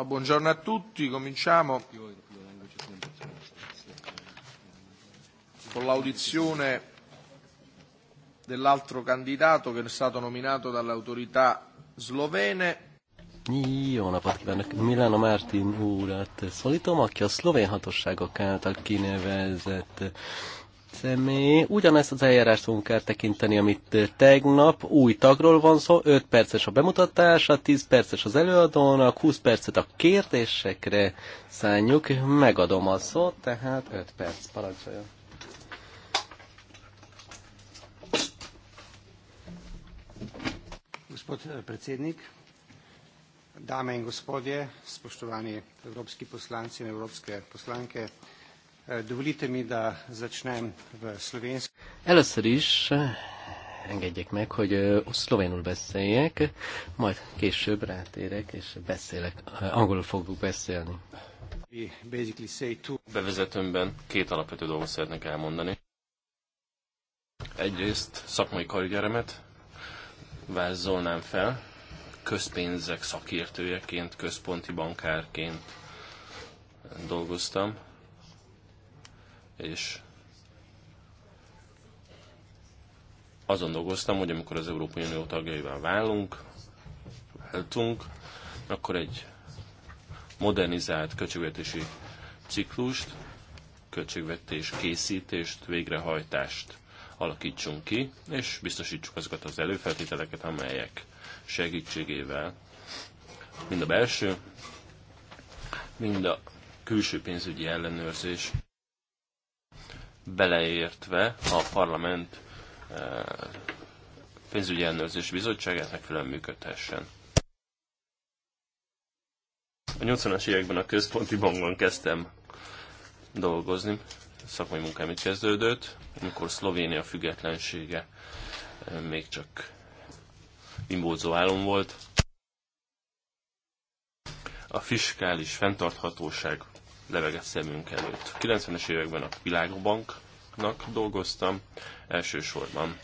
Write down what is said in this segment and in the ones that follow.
Ma buongiorno a tutti, cominciamo con l'audizione dell'altro candidato che è stato nominato dalle autorità slovene. Jó napot kívánok! Milano Martin úrat hát szólítom, aki a szlovén hatóságok által kinevezett személy. Ugyanezt az eljárást fogunk eltekinteni, amit tegnap. Új tagról van szó, 5 perces a bemutatása, 10 perces az előadónak, 20 percet a kérdésekre szánjuk. Megadom a szót, tehát 5 perc. Parancsoljon! Gospod eh, predsednik, dame in gospodje, spoštovani evropski poslanci in evropske poslanke, Dovolite mi, da začnem v slovensk. Először is eh, engedjék meg, hogy eh, szlovénul beszéljek, majd később rátérek, és beszélek. Eh, angolul fogok beszélni. Bevezetőmben két alapvető dolgot szeretnék elmondani. Egyrészt szakmai karrieremet vázolnám fel, közpénzek szakértőjeként, központi bankárként dolgoztam, és azon dolgoztam, hogy amikor az Európai Unió tagjaival válunk, váltunk, akkor egy modernizált költségvetési ciklust, költségvetés készítést, végrehajtást alakítsunk ki, és biztosítsuk azokat az előfeltételeket, amelyek segítségével mind a belső, mind a külső pénzügyi ellenőrzés beleértve a parlament eh, pénzügyi ellenőrzés bizottságát megfelelően működhessen. A 80-as években a központi bankban kezdtem dolgozni, szakmai munkám itt kezdődött, amikor Szlovénia függetlensége eh, még csak imbózó álom volt. A fiskális fenntarthatóság leveget szemünk előtt. 90-es években a Világbanknak dolgoztam, elsősorban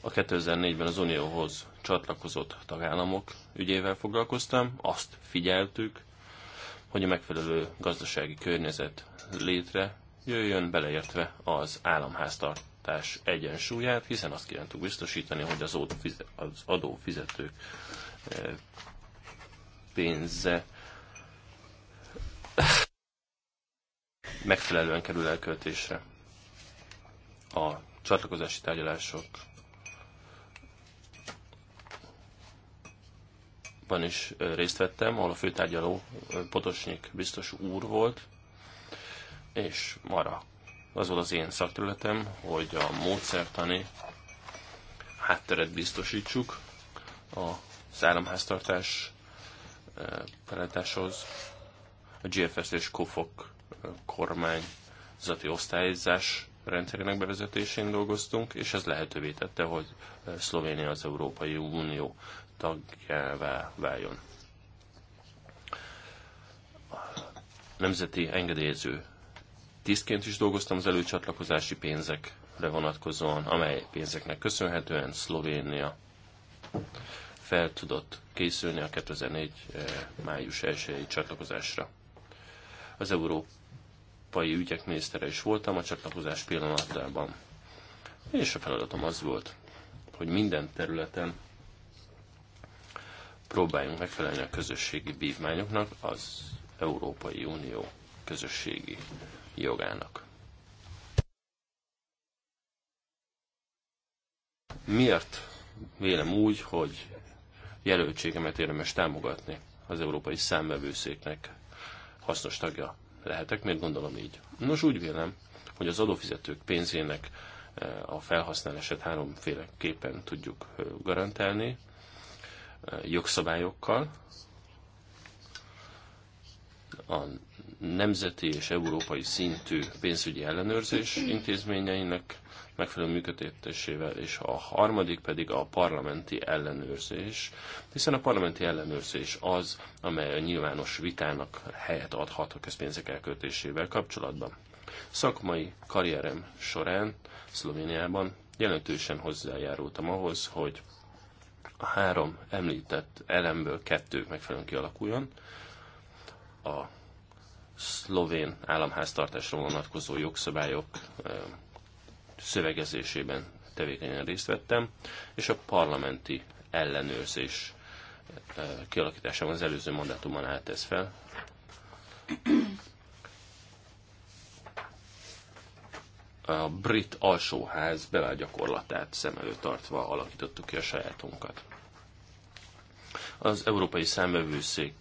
a 2004-ben az Unióhoz csatlakozott tagállamok ügyével foglalkoztam, azt figyeltük, hogy a megfelelő gazdasági környezet létre jöjjön, beleértve az államháztartás egyensúlyát, hiszen azt kívántuk biztosítani, hogy az, adófizetők eh, pénze megfelelően kerül elköltésre. A csatlakozási tárgyalások is részt vettem, ahol a főtárgyaló Potosnyik biztos úr volt, és mara. Az volt az én szakterületem, hogy a módszertani hátteret biztosítsuk az államháztartás felállításhoz. A GFS és KOFOK kormányzati osztályzás rendszerének bevezetésén dolgoztunk, és ez lehetővé tette, hogy Szlovénia az Európai Unió tagjává váljon. Nemzeti engedélyező tisztként is dolgoztam az előcsatlakozási pénzekre vonatkozóan, amely pénzeknek köszönhetően Szlovénia fel tudott készülni a 2004. Eh, május 1 csatlakozásra. Az európai ügyek minisztere is voltam a csatlakozás pillanatában. És a feladatom az volt, hogy minden területen próbáljunk megfelelni a közösségi bívmányoknak, az Európai Unió közösségi jogának. Miért vélem úgy, hogy jelöltségemet érdemes támogatni az Európai Számvevőszéknek hasznos tagja lehetek, miért gondolom így? Nos, úgy vélem, hogy az adófizetők pénzének eh, a felhasználását háromféleképpen tudjuk eh, garantálni, eh, jogszabályokkal, a nemzeti és európai szintű pénzügyi ellenőrzés intézményeinek megfelelő működtetésével, és a harmadik pedig a parlamenti ellenőrzés, hiszen a parlamenti ellenőrzés az, amely a nyilvános vitának helyet adhat a közpénzek elköltésével kapcsolatban. Szakmai karrierem során Szlovéniában jelentősen hozzájárultam ahhoz, hogy a három említett elemből kettő megfelelően kialakuljon. A szlovén államháztartásra vonatkozó jogszabályok eh, szövegezésében tevékenyen részt vettem, és a parlamenti ellenőrzés kialakításában az előző mandátumban állt ez fel. A brit alsóház bevágyakorlatát szem előtt tartva alakítottuk ki a sajátunkat. Az Európai Számbevőszék,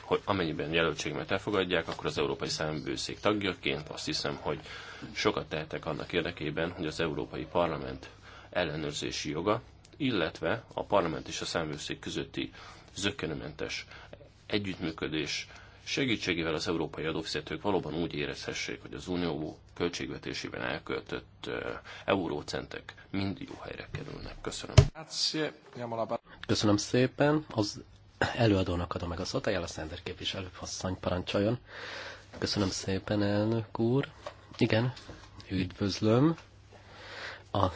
hogy amennyiben jelöltségemet elfogadják, akkor az Európai Számbevőszék tagjaként azt hiszem, hogy sokat tehetek annak érdekében, hogy az Európai Parlament ellenőrzési joga, illetve a parlament és a számvőszék közötti zöggenőmentes együttműködés segítségével az európai adófizetők valóban úgy érezhessék, hogy az unió költségvetésében elköltött eurócentek mind jó helyre kerülnek. Köszönöm. Köszönöm szépen. Az előadónak adom meg a szót, a Jelaszender képviselő asszony parancsoljon. Köszönöm szépen, elnök úr. Igen, üdvözlöm a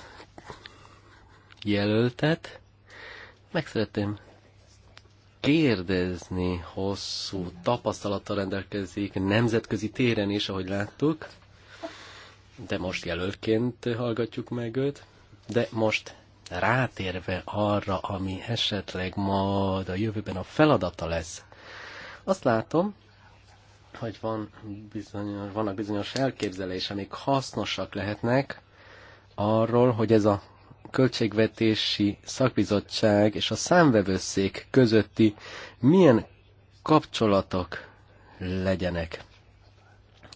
jelöltet. Meg szeretném kérdezni, hosszú tapasztalata rendelkezik nemzetközi téren is, ahogy láttuk, de most jelöltként hallgatjuk meg őt, de most rátérve arra, ami esetleg majd a jövőben a feladata lesz. Azt látom, hogy van bizonyos, vannak bizonyos elképzelések, amik hasznosak lehetnek arról, hogy ez a költségvetési szakbizottság és a számvevőszék közötti milyen kapcsolatok legyenek.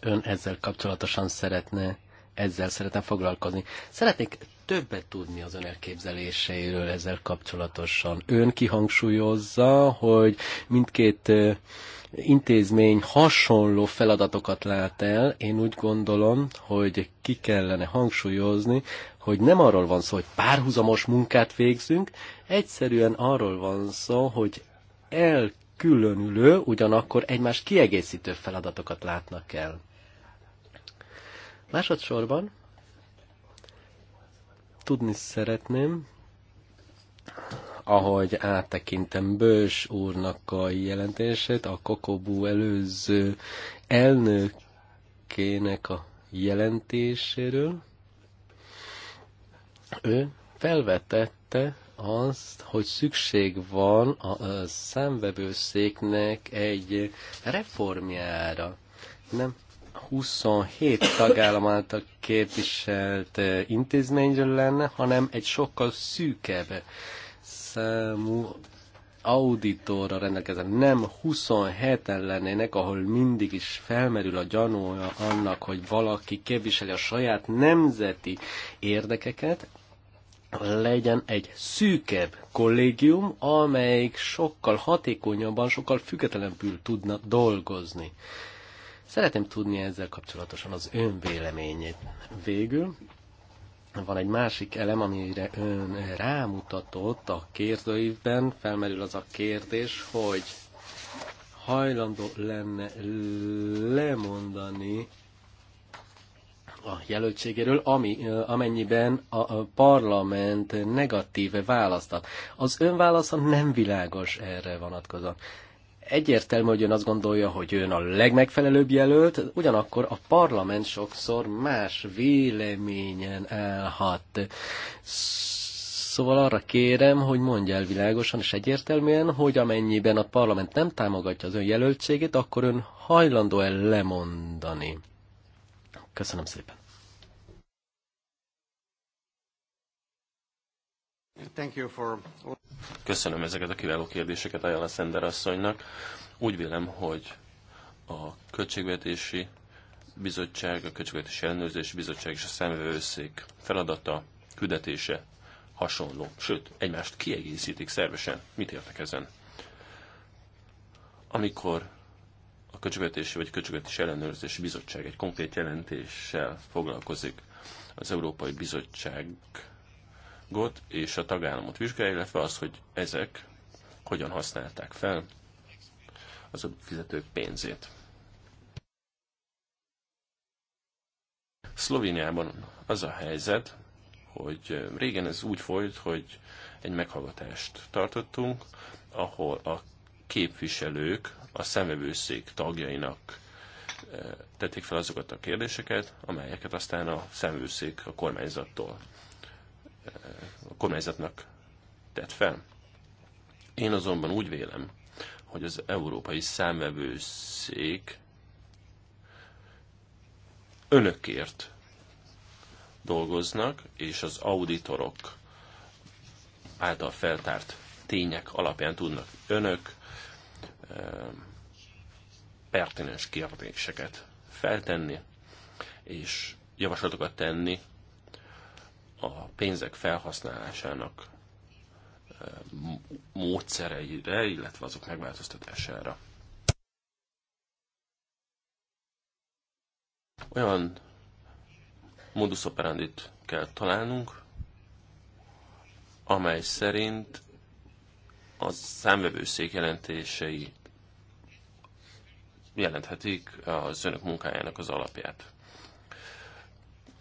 Ön ezzel kapcsolatosan szeretne, ezzel szeretne foglalkozni. Szeretnék többet tudni az ön elképzeléseiről ezzel kapcsolatosan. Ön kihangsúlyozza, hogy mindkét intézmény hasonló feladatokat lát el, én úgy gondolom, hogy ki kellene hangsúlyozni, hogy nem arról van szó, hogy párhuzamos munkát végzünk, egyszerűen arról van szó, hogy elkülönülő, ugyanakkor egymást kiegészítő feladatokat látnak el. Másodszorban tudni szeretném, ahogy áttekintem Bős úrnak a jelentését, a Kokobú előző elnökének a jelentéséről, ő felvetette azt, hogy szükség van a számvevőszéknek egy reformjára. Nem 27 tagállam által képviselt eh, intézményről lenne, hanem egy sokkal szűkebb számú auditorra rendelkezzen, nem 27-en lennének, ahol mindig is felmerül a gyanúja annak, hogy valaki képviseli a saját nemzeti érdekeket, legyen egy szűkebb kollégium, amelyik sokkal hatékonyabban, sokkal függetlenül tudna dolgozni. Szeretném tudni ezzel kapcsolatosan az ön véleményét. Végül van egy másik elem, amire ön rámutatott a kérdőívben, felmerül az a kérdés, hogy hajlandó lenne lemondani a jelöltségéről, ami, amennyiben a parlament negatíve választat. Az ön válasza nem világos erre vonatkozóan egyértelmű, hogy ön azt gondolja, hogy ön a legmegfelelőbb jelölt, ugyanakkor a parlament sokszor más véleményen állhat. Szóval arra kérem, hogy mondja el világosan és egyértelműen, hogy amennyiben a parlament nem támogatja az ön jelöltségét, akkor ön hajlandó el lemondani. Köszönöm szépen. Köszönöm ezeket a kiváló kérdéseket Ajala Szender asszonynak. Úgy vélem, hogy a Költségvetési Bizottság, a Költségvetési Ellenőrzési Bizottság és a Szemvevőszék feladata, küldetése hasonló, sőt, egymást kiegészítik szervesen. Mit értek ezen? Amikor a Költségvetési vagy Költségvetési Ellenőrzési Bizottság egy konkrét jelentéssel foglalkozik, az Európai Bizottság országot és a tagállamot vizsgálja, illetve az, hogy ezek hogyan használták fel az fizetők pénzét. Szlovéniában az a helyzet, hogy régen ez úgy folyt, hogy egy meghallgatást tartottunk, ahol a képviselők a szemvevőszék tagjainak eh, tették fel azokat a kérdéseket, amelyeket aztán a szemvőszék a kormányzattól kormányzatnak tett fel. Én azonban úgy vélem, hogy az Európai Számvevőszék önökért dolgoznak, és az auditorok által feltárt tények alapján tudnak önök eh, pertinens kérdéseket feltenni, és javaslatokat tenni a pénzek felhasználásának módszereire, illetve azok megváltoztatására. Olyan modus operandi kell találnunk, amely szerint a számvevőszék jelentései jelenthetik az önök munkájának az alapját.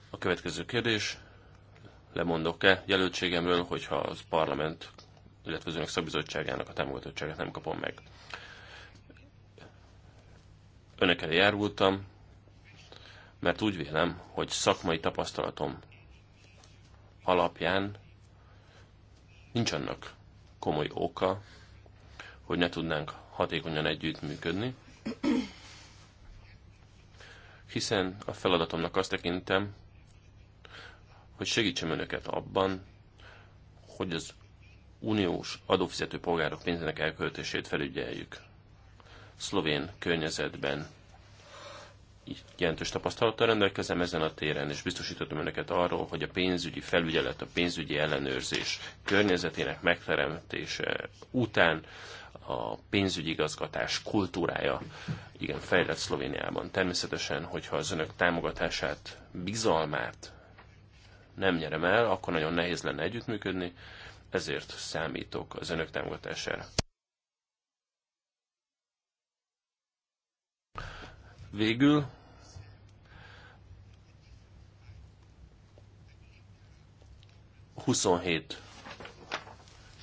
A következő kérdés, lemondok-e jelöltségemről, hogyha az parlament, illetve az önök szakbizottságának a támogatottságát nem kapom meg. Önök elé járultam, mert úgy vélem, hogy szakmai tapasztalatom alapján nincs annak komoly oka, hogy ne tudnánk hatékonyan együttműködni, hiszen a feladatomnak azt tekintem, hogy segítsem önöket abban, hogy az uniós adófizető polgárok pénzének elköltését felügyeljük. Szlovén környezetben jelentős tapasztalattal rendelkezem ezen a téren, és biztosítottam önöket arról, hogy a pénzügyi felügyelet, a pénzügyi ellenőrzés környezetének megteremtése után a pénzügyi igazgatás kultúrája igen fejlett Szlovéniában. Természetesen, hogyha az önök támogatását, bizalmát nem nyerem el, akkor nagyon nehéz lenne együttműködni, ezért számítok az önök támogatására. Végül Huszonhét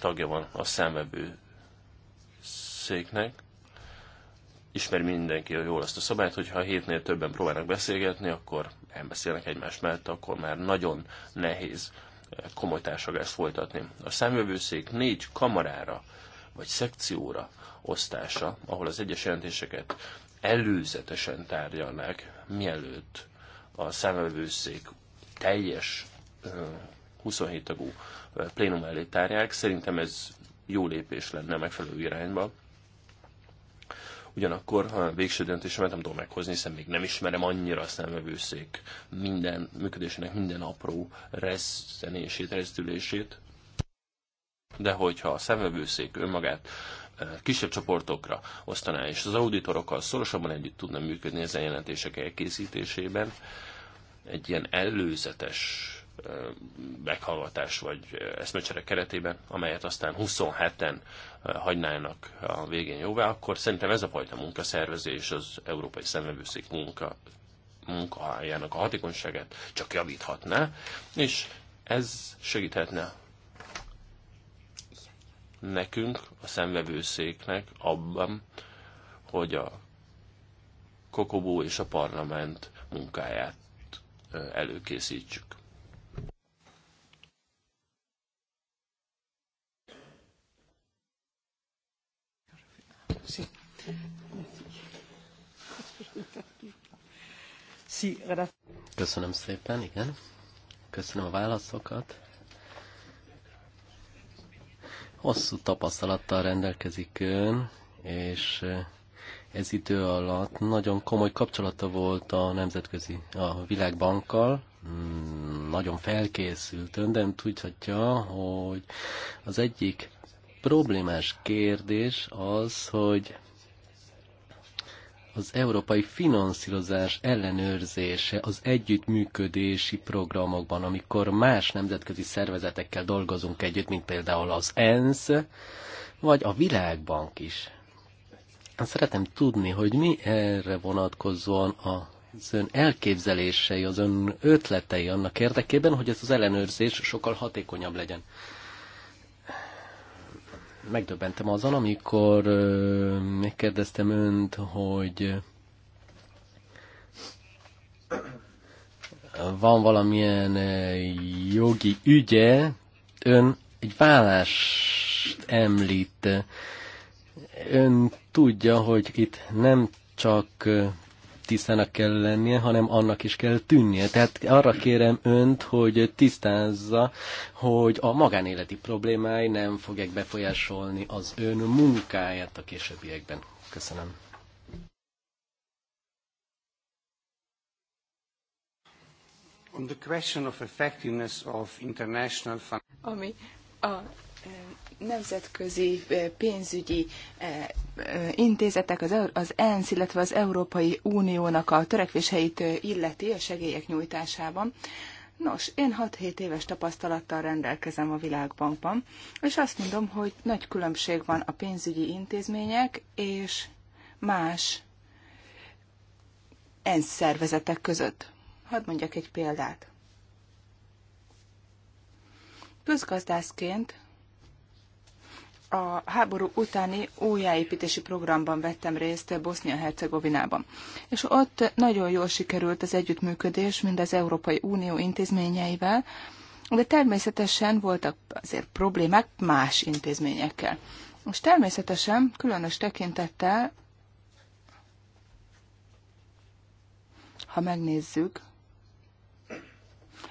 tagja van a számvevő széknek. Ismer mindenki jól azt a szabályt, hogy ha hétnél többen próbálnak beszélgetni, akkor beszélnek egymás mellett, akkor már nagyon nehéz eh, komoly társadalmat folytatni. A számjövőszék négy kamarára vagy szekcióra osztása, ahol az egyes jelentéseket előzetesen tárgyalnák, mielőtt a számjövőszék teljes 27 eh, tagú eh, plénum elé tárják. Szerintem ez jó lépés lenne megfelelő irányba. Ugyanakkor ha végső döntésemet nem tudom meghozni, hiszen még nem ismerem annyira a szemvevőszék minden működésének minden apró rezzenését, rezdülését. De hogyha a szemvevőszék önmagát eh, kisebb csoportokra osztaná, és az auditorokkal szorosabban együtt tudna működni ezen jelentések elkészítésében, egy ilyen előzetes eh, meghallgatás vagy eh, eszmecsere keretében, amelyet aztán 27-en hagynának a végén jóvá, akkor szerintem ez a fajta munkaszervezés az Európai szemlevőszék munka, munkahájának a hatékonyságát csak javíthatná, és ez segíthetne nekünk, a szemvevőszéknek abban, hogy a Kokobó és a parlament munkáját előkészítsük. Köszönöm szépen, igen. Köszönöm a válaszokat. Hosszú tapasztalattal rendelkezik ön, és eh, ez idő alatt nagyon komoly kapcsolata volt a nemzetközi, a világbankkal, hmm, nagyon felkészült ön, de tudhatja, hogy az egyik problémás kérdés az, hogy az európai finanszírozás ellenőrzése az együttműködési programokban, amikor más nemzetközi szervezetekkel dolgozunk együtt, mint például az ENSZ, vagy a Világbank is. Szeretem tudni, hogy mi erre vonatkozóan a az ön elképzelései, az ön ötletei annak érdekében, hogy ez az ellenőrzés sokkal hatékonyabb legyen megdöbbentem azon, amikor megkérdeztem önt, hogy van valamilyen jogi ügye, ön egy vállást említ. Ön tudja, hogy itt nem csak tisztának kell lennie, hanem annak is kell tűnnie. Tehát arra kérem önt, hogy tisztázza, hogy a magánéleti problémái nem fogják befolyásolni az ön munkáját a későbbiekben. Köszönöm. On the question of effectiveness of international fund... Ami a nemzetközi eh, pénzügyi eh, eh, intézetek, az ENSZ, illetve az Európai Uniónak a törekvéseit illeti a segélyek nyújtásában. Nos, én 6-7 éves tapasztalattal rendelkezem a világbankban, és azt mondom, hogy nagy különbség van a pénzügyi intézmények és más ENSZ szervezetek között. Hadd mondjak egy példát. Közgazdászként a háború utáni újjáépítési programban vettem részt Bosznia-Hercegovinában. És ott nagyon jól sikerült az együttműködés mind az Európai Unió intézményeivel, de természetesen voltak azért problémák más intézményekkel. Most természetesen különös tekintettel, ha megnézzük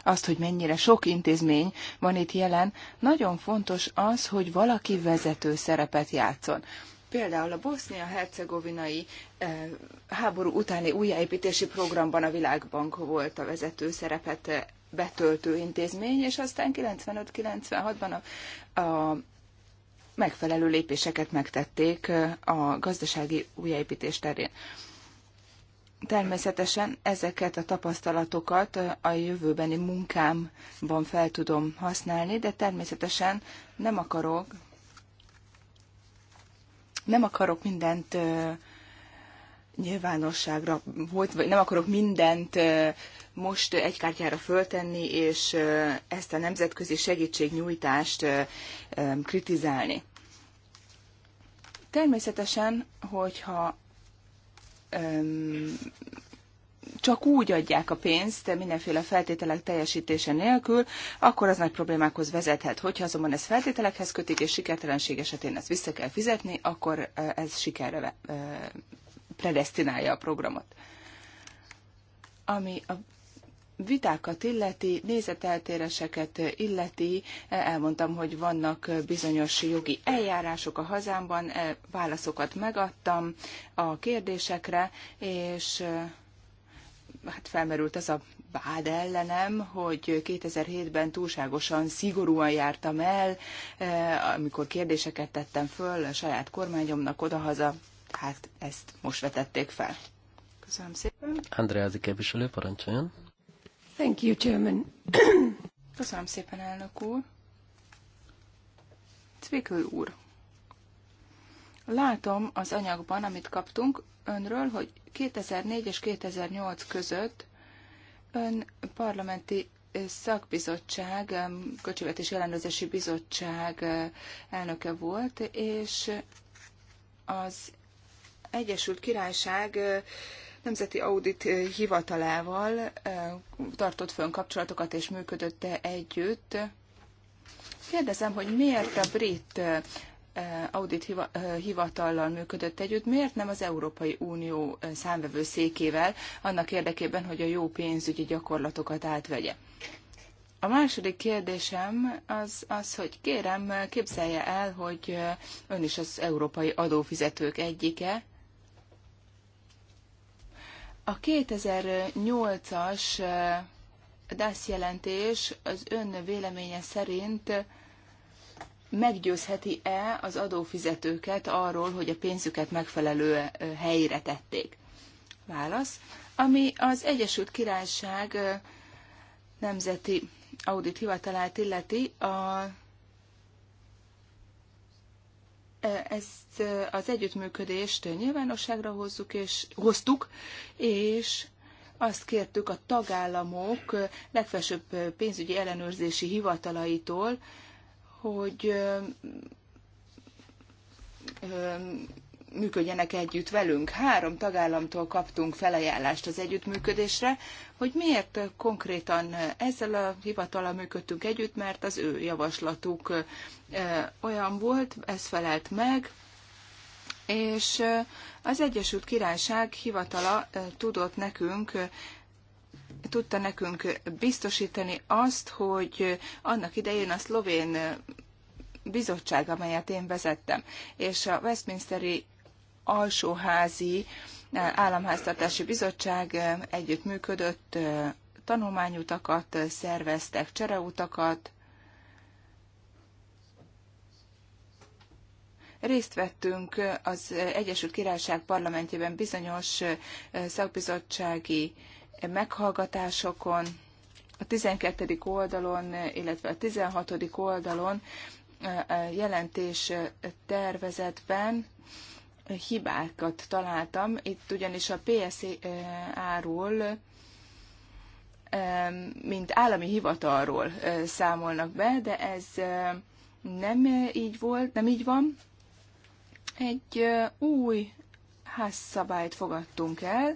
azt, hogy mennyire sok intézmény van itt jelen, nagyon fontos az, hogy valaki vezető szerepet játszon. Például a bosznia-hercegovinai eh, háború utáni újjáépítési programban a Világbank volt a vezető szerepet eh, betöltő intézmény, és aztán 95-96-ban a, a megfelelő lépéseket megtették eh, a gazdasági újjáépítés terén természetesen ezeket a tapasztalatokat a jövőbeni munkámban fel tudom használni, de természetesen nem akarok, nem akarok mindent nyilvánosságra, volt, vagy nem akarok mindent most egy kártyára föltenni, és ezt a nemzetközi segítségnyújtást kritizálni. Természetesen, hogyha csak úgy adják a pénzt, mindenféle feltételek teljesítése nélkül, akkor az nagy problémákhoz vezethet. Hogyha azonban ez feltételekhez kötik, és sikertelenség esetén ezt vissza kell fizetni, akkor ez sikerre predestinálja a programot. Ami a vitákat illeti, nézeteltéréseket illeti, eh, elmondtam, hogy vannak eh, bizonyos jogi eljárások a hazámban, eh, válaszokat megadtam a kérdésekre, és hát felmerült az a vád ellenem, hogy 2007-ben túlságosan szigorúan jártam el, amikor kérdéseket tettem föl a saját kormányomnak odahaza, hát ezt most vetették fel. Köszönöm szépen. Andrea, az képviselő, parancsoljon. Thank you, Chairman. Köszönöm szépen, elnök úr. Cvikl úr, látom az anyagban, amit kaptunk önről, hogy 2004 és 2008 között ön parlamenti szakbizottság, Költségvetési Ellenőrzési Bizottság elnöke volt, és az Egyesült Királyság Nemzeti Audit eh, Hivatalával eh, tartott fönn kapcsolatokat és működött együtt. Kérdezem, hogy miért a brit eh, audit hivatallal működött együtt, miért nem az Európai Unió székével annak érdekében, hogy a jó pénzügyi gyakorlatokat átvegye? A második kérdésem az, az, hogy kérem, képzelje el, hogy ön is az európai adófizetők egyike, a 2008-as eh, DASZ jelentés az ön véleménye szerint meggyőzheti-e az adófizetőket arról, hogy a pénzüket megfelelő eh, helyre tették? Válasz. Ami az Egyesült Királyság eh, Nemzeti Audit Hivatalát illeti, a ezt az együttműködést nyilvánosságra hozzuk és hoztuk, és azt kértük a tagállamok legfelsőbb pénzügyi ellenőrzési hivatalaitól, hogy működjenek együtt velünk. Három tagállamtól kaptunk felajánlást az együttműködésre, hogy miért konkrétan ezzel a hivatala működtünk együtt, mert az ő javaslatuk olyan volt, ez felelt meg, és az Egyesült Királyság hivatala tudott nekünk tudta nekünk biztosítani azt, hogy annak idején a szlovén bizottság, amelyet én vezettem, és a Westminsteri alsóházi eh, államháztartási bizottság eh, együttműködött, eh, tanulmányutakat szerveztek, csereutakat, részt vettünk az Egyesült Királyság parlamentjében bizonyos szakbizottsági meghallgatásokon, a 12. oldalon, illetve a 16. oldalon jelentés tervezetben hibákat találtam. Itt ugyanis a PSA-ról, eh, eh, mint állami hivatalról eh, számolnak be, de ez nem így volt, nem így van. Egy új házszabályt fogadtunk el,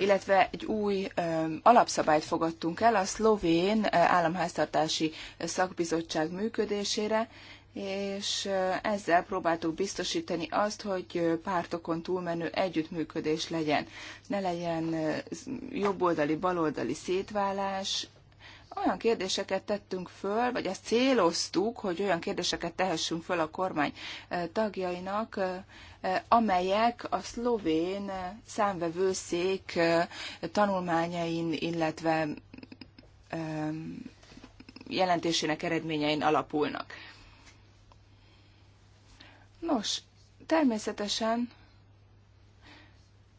illetve egy új ö, alapszabályt fogadtunk el a szlovén államháztartási szakbizottság működésére, és ezzel próbáltuk biztosítani azt, hogy pártokon túlmenő együttműködés legyen. Ne legyen jobboldali, baloldali szétválás, olyan kérdéseket tettünk föl, vagy ezt céloztuk, hogy olyan kérdéseket tehessünk föl a kormány tagjainak, amelyek a szlovén számvevőszék tanulmányain, illetve jelentésének eredményein alapulnak. Nos, természetesen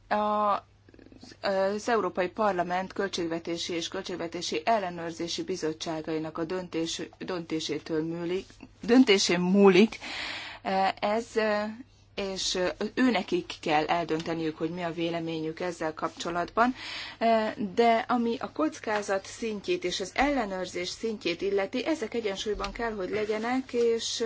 a az Európai Parlament Költségvetési és Költségvetési Ellenőrzési Bizottságainak a döntés, döntésétől múlik, döntésén múlik eh, ez eh, és őnekik kell eldönteniük, hogy mi a véleményük ezzel kapcsolatban, de ami a kockázat szintjét és az ellenőrzés szintjét illeti, ezek egyensúlyban kell, hogy legyenek, és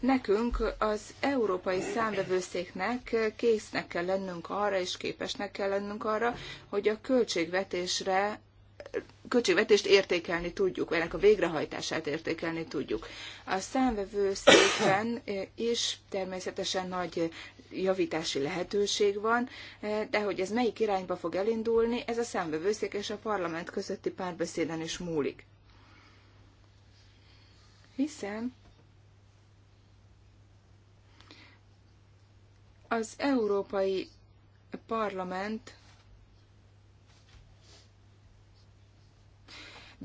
nekünk az európai számvevőszéknek késznek kell lennünk arra, és képesnek kell lennünk arra, hogy a költségvetésre költségvetést értékelni tudjuk, vagy ennek a végrehajtását értékelni tudjuk. A számvevőszéken is természetesen nagy javítási lehetőség van, de hogy ez melyik irányba fog elindulni, ez a számvevőszék és a parlament közötti párbeszéden is múlik. Hiszen az Európai Parlament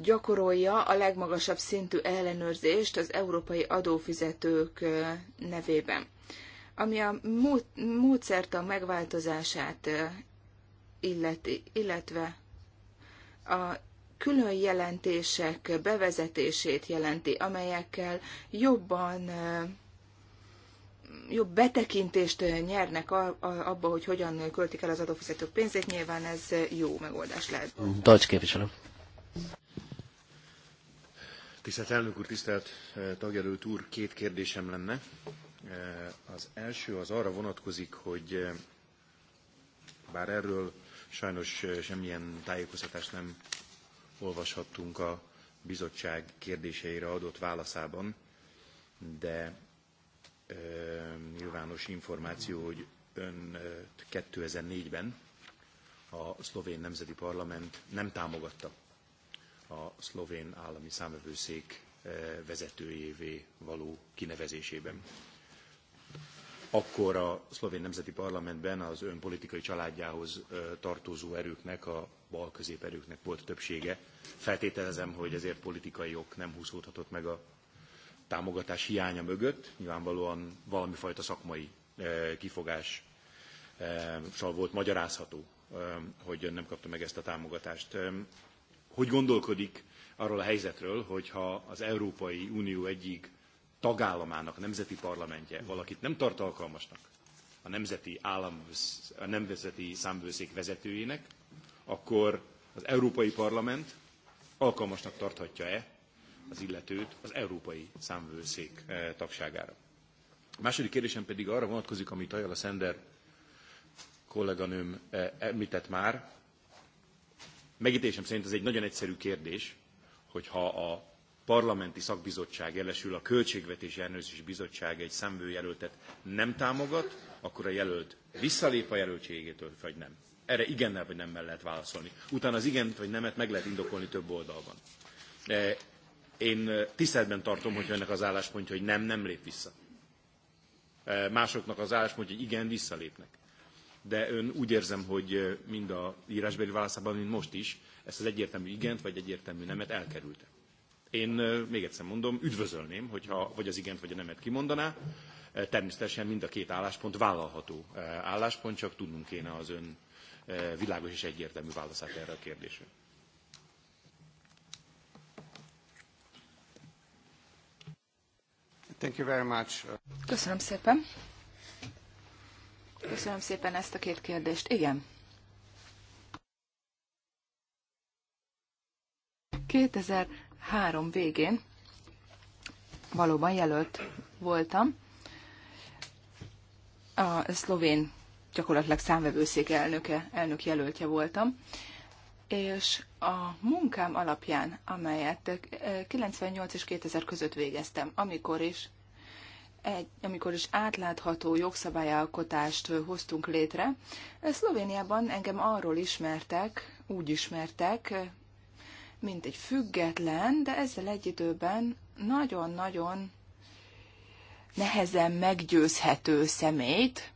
gyakorolja a legmagasabb szintű ellenőrzést az európai adófizetők nevében. Ami a módszertan megváltozását illeti, illetve a külön jelentések bevezetését jelenti, amelyekkel jobban jobb betekintést nyernek abba, hogy hogyan költik el az adófizetők pénzét, nyilván ez jó megoldás lehet. Dajcs képviselő. Tisztelt elnök úr, tisztelt eh, tagjelölt úr, két kérdésem lenne. Eh, az első az arra vonatkozik, hogy eh, bár erről sajnos semmilyen tájékoztatást nem olvashattunk a bizottság kérdéseire adott válaszában, de nyilvános információ, hogy ön 2004-ben a szlovén nemzeti parlament nem támogatta a szlovén állami számövőszék eh, vezetőjévé való kinevezésében. Akkor a szlovén nemzeti parlamentben az ön politikai családjához eh, tartozó erőknek, a bal erőknek volt többsége. Feltételezem, hogy ezért politikai ok nem húzódhatott meg a támogatás hiánya mögött. Nyilvánvalóan valami fajta szakmai eh, kifogással volt magyarázható, hogy ön nem kapta meg ezt a támogatást hogy gondolkodik arról a helyzetről, hogyha az Európai Unió egyik tagállamának a nemzeti parlamentje valakit nem tart alkalmasnak a nemzeti, állam, a nemzeti számvőszék vezetőjének, akkor az Európai Parlament alkalmasnak tarthatja-e az illetőt az Európai Számvőszék eh, tagságára. A második kérdésem pedig arra vonatkozik, amit Ajala Szender kolléganőm eh, említett már, Megítésem szerint ez egy nagyon egyszerű kérdés, hogyha a parlamenti szakbizottság jelesül a Költségvetési Ellenőrzési Bizottság egy számvőjelöltet nem támogat, akkor a jelölt visszalép a jelöltségétől, vagy nem. Erre igennel vagy nemmel lehet válaszolni. Utána az igent vagy nemet meg lehet indokolni több oldalban. E, én e, tiszteletben tartom, hogy ennek az álláspontja, hogy nem, nem lép vissza. E, másoknak az álláspontja, hogy igen, visszalépnek de ön úgy érzem, hogy mind a írásbeli válaszában, mint most is, ezt az egyértelmű igent vagy egyértelmű nemet elkerülte. Én még egyszer mondom, üdvözölném, hogyha vagy az igent, vagy a nemet kimondaná. Természetesen mind a két álláspont vállalható álláspont, csak tudnunk kéne az ön világos és egyértelmű válaszát erre a kérdésre. Köszönöm szépen. Köszönöm szépen ezt a két kérdést. Igen. 2003 végén valóban jelölt voltam a szlovén gyakorlatilag számvevőszék elnöke, elnök jelöltje voltam, és a munkám alapján, amelyet 98 és 2000 között végeztem, amikor is egy, amikor is átlátható jogszabályalkotást hoztunk létre. Szlovéniában engem arról ismertek, úgy ismertek, mint egy független, de ezzel egy időben nagyon-nagyon nehezen meggyőzhető szemét.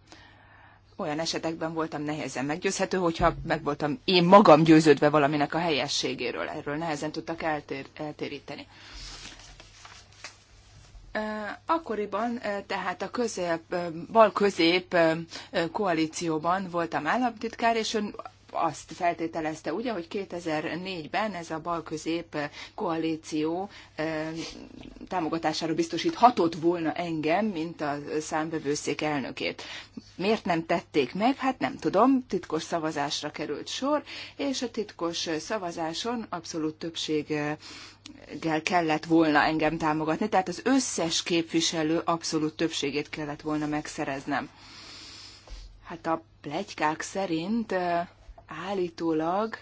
Olyan esetekben voltam nehezen meggyőzhető, hogyha meg voltam én magam győződve valaminek a helyességéről. Erről nehezen tudtak eltér- eltéríteni. Akkoriban, tehát a közép, bal-közép koalícióban voltam államtitkár, és ön azt feltételezte, ugye, hogy 2004-ben ez a balközép eh, koalíció eh, támogatására biztosíthatott volna engem, mint a számbevőszék elnökét. Miért nem tették meg? Hát nem tudom, titkos szavazásra került sor, és a titkos szavazáson abszolút többség kellett volna engem támogatni, tehát az összes képviselő abszolút többségét kellett volna megszereznem. Hát a plegykák szerint eh, állítólag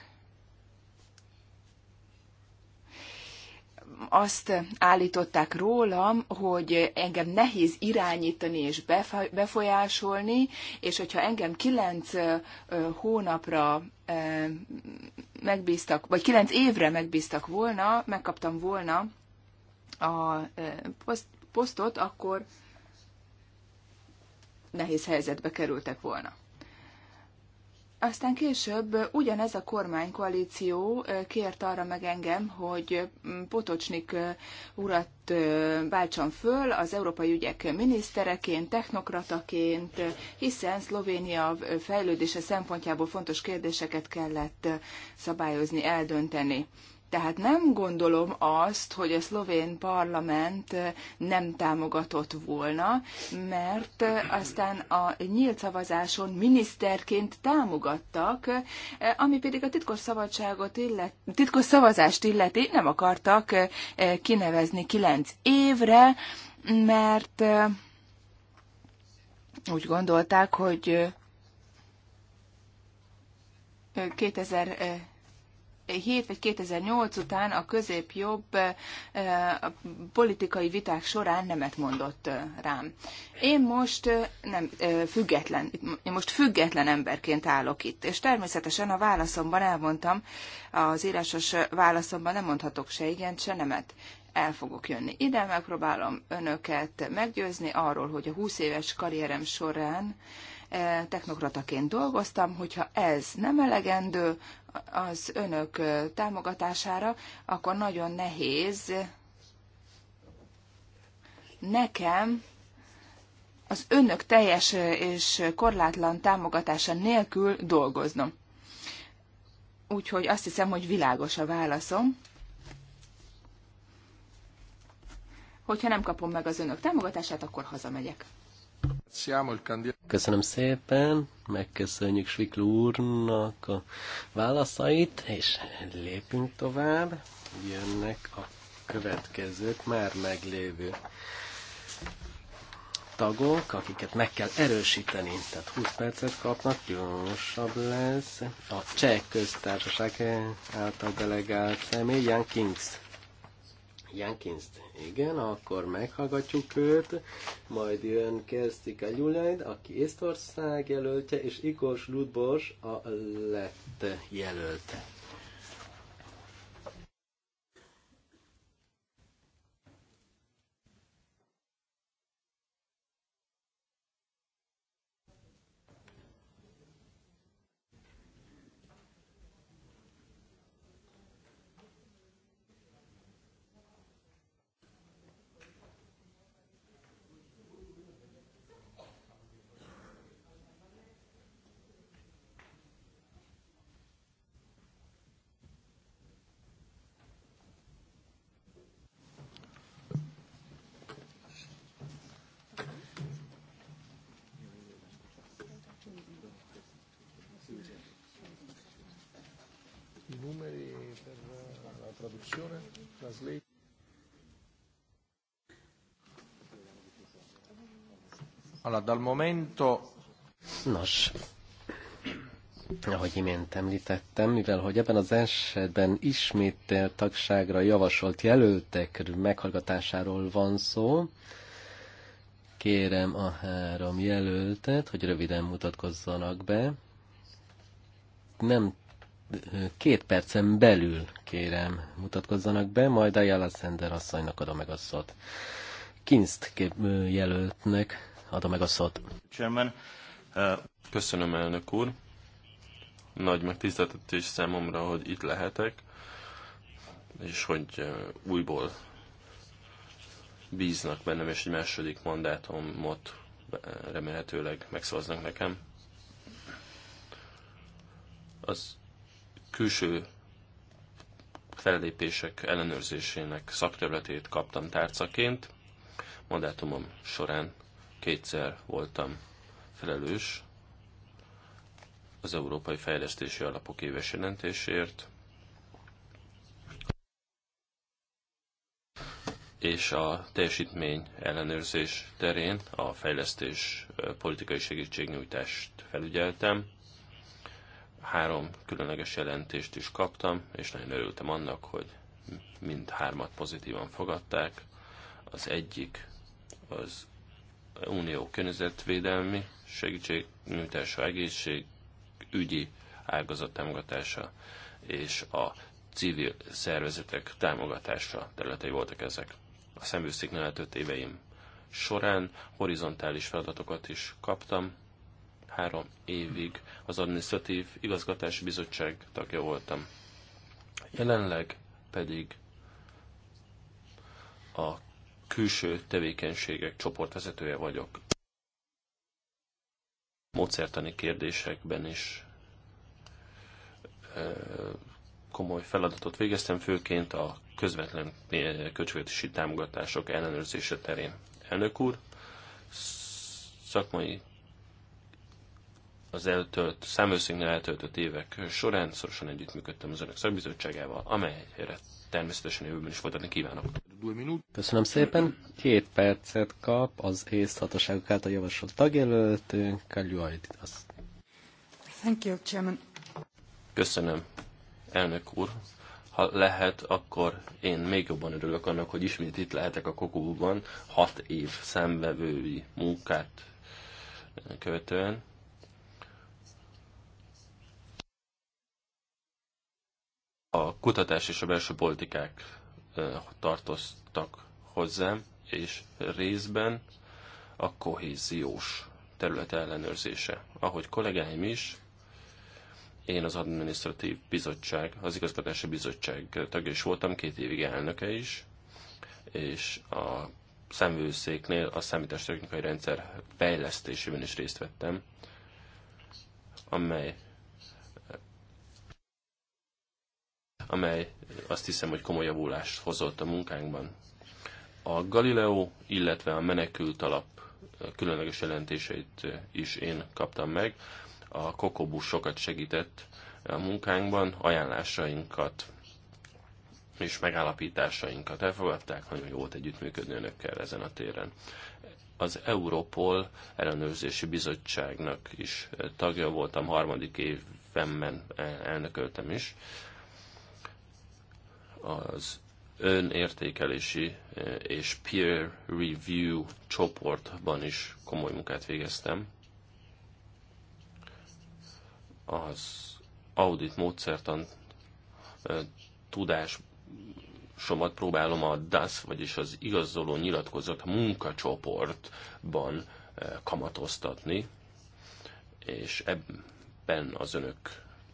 azt állították rólam, hogy engem nehéz irányítani és befolyásolni, és hogyha engem kilenc hónapra megbíztak, vagy kilenc évre megbíztak volna, megkaptam volna a posztot, akkor nehéz helyzetbe kerültek volna. Aztán később ugyanez a kormánykoalíció kért arra meg engem, hogy mm, Potocsnik urat váltsam föl az európai ügyek minisztereként, technokrataként, hiszen Szlovénia fejlődése szempontjából fontos kérdéseket kellett szabályozni, eldönteni. Tehát nem gondolom azt, hogy a szlovén parlament nem támogatott volna, mert aztán a nyílt szavazáson miniszterként támogattak, ami pedig a titkos szabadságot illet, titkos szavazást illeti, nem akartak kinevezni kilenc évre, mert úgy gondolták, hogy 2000 2007 vagy 2008 után a középjobb a politikai viták során nemet mondott rám. Én most nem független, én most független emberként állok itt, és természetesen a válaszomban elmondtam, az írásos válaszomban nem mondhatok se igen, se nemet el fogok jönni ide, megpróbálom önöket meggyőzni arról, hogy a 20 éves karrierem során E, technokrataként dolgoztam, hogyha ez nem elegendő az önök e, támogatására, akkor nagyon nehéz nekem az önök teljes és korlátlan támogatása nélkül dolgoznom. Úgyhogy azt hiszem, hogy világos a válaszom. Hogyha nem kapom meg az önök támogatását, akkor hazamegyek. Köszönöm szépen, megköszönjük Svikl úrnak a válaszait, és lépünk tovább. Jönnek a következők már meglévő tagok, akiket meg kell erősíteni. Tehát 20 percet kapnak, gyorsabb lesz. A cseh köztársaság által delegált személy, Jankins. Kings. Igen, akkor meghallgatjuk őt, majd jön Kerstika Gyulajd, aki Észtország jelöltje, és Ikos Ludbors a lett jelölte. translate. Allora, dal momento... Nos, ahogy imént említettem, mivel hogy ebben az esetben ismét tagságra javasolt jelöltek meghallgatásáról van szó, kérem a három jelöltet, hogy röviden mutatkozzanak be. Nem két percen belül kérem, mutatkozzanak be, majd Ayala Sender asszonynak adom meg a szót. Kinst kép jelöltnek adom meg a szót. Uh, Köszönöm, elnök úr. Nagy megtiszteltetés számomra, hogy itt lehetek, és hogy uh, újból bíznak bennem, és egy második mandátumot uh, remélhetőleg megszavaznak nekem. Az külső fellépések ellenőrzésének szakterületét kaptam tárcaként. Mandátumom során kétszer voltam felelős az Európai Fejlesztési Alapok éves jelentésért, és a teljesítmény ellenőrzés terén a fejlesztés politikai segítségnyújtást felügyeltem, Három különleges jelentést is kaptam, és nagyon örültem annak, hogy mind hármat pozitívan fogadták. Az egyik az Unió környezetvédelmi segítségnyújtása, egészség, ügyi ágazat támogatása és a civil szervezetek támogatása területei voltak ezek. A szemvőszéknél öt éveim során horizontális feladatokat is kaptam, három évig az Administratív Igazgatási Bizottság tagja voltam. Jelenleg pedig a külső tevékenységek csoportvezetője vagyok. Módszertani kérdésekben is komoly feladatot végeztem, főként a közvetlen költségvetési támogatások ellenőrzése terén. Elnök úr, szakmai az eltölt, számőszínűen eltöltött évek során szorosan együttműködtem az önök szakbizottságával, amelyre természetesen jövőben is folytatni kívánok. Köszönöm szépen. Két percet kap az ész által javasolt tagjelöltünk, Kalju Aiditas. Thank you, Chairman. Köszönöm, elnök úr. Ha lehet, akkor én még jobban örülök annak, hogy ismét itt lehetek a kokóban hat év szembevői munkát követően A kutatás és a belső politikák tartoztak hozzám, és részben a kohéziós terület ellenőrzése. Ahogy kollégáim is, én az adminisztratív bizottság, az igazgatási bizottság tagja is voltam, két évig elnöke is, és a szemvőszéknél a számítástechnikai rendszer fejlesztésében is részt vettem, amely amely azt hiszem, hogy komoly javulást hozott a munkánkban. A Galileo, illetve a menekült alap eh, különleges jelentéseit eh, is én kaptam meg. A Kokobus sokat segített eh, a munkánkban, ajánlásainkat és megállapításainkat elfogadták, nagyon jó volt együttműködni önökkel ezen a téren. Az Europol ellenőrzési bizottságnak is tagja voltam, harmadik évemben elnököltem is az önértékelési eh, és peer review csoportban is komoly munkát végeztem. Az audit módszertan eh, tudásomat próbálom a DAS, vagyis az igazoló nyilatkozat munkacsoportban eh, kamatoztatni, és ebben az önök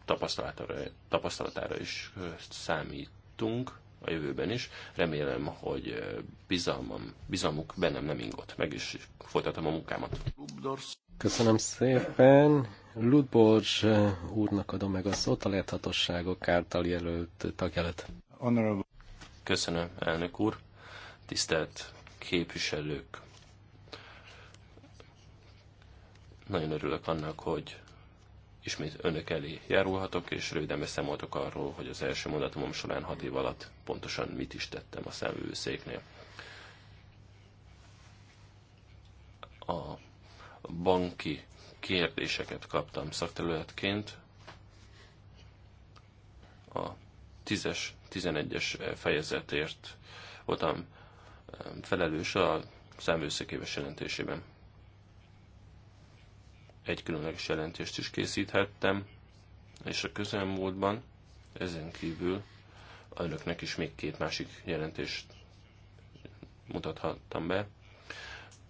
tapasztalatára, tapasztalatára is számít tudtunk a jövőben is. Remélem, hogy eh, bizalmam, bizalmuk bennem nem ingott. Meg is folytatom a munkámat. Köszönöm szépen. Ludborz eh, úrnak adom meg a szót a lehethatosságok által jelölt tagjelet. Köszönöm, elnök úr. Tisztelt képviselők. Nagyon örülök annak, hogy ismét önök elé járulhatok, és röviden beszámoltok arról, hogy az első mondatom során hat év alatt pontosan mit is tettem a számvevőszéknél. A banki kérdéseket kaptam szakterületként, a 10-es, 11-es fejezetért voltam felelős a számvőszék jelentésében egy különleges jelentést is készíthettem, és a közelmúltban ezen kívül önöknek is még két másik jelentést mutathattam be.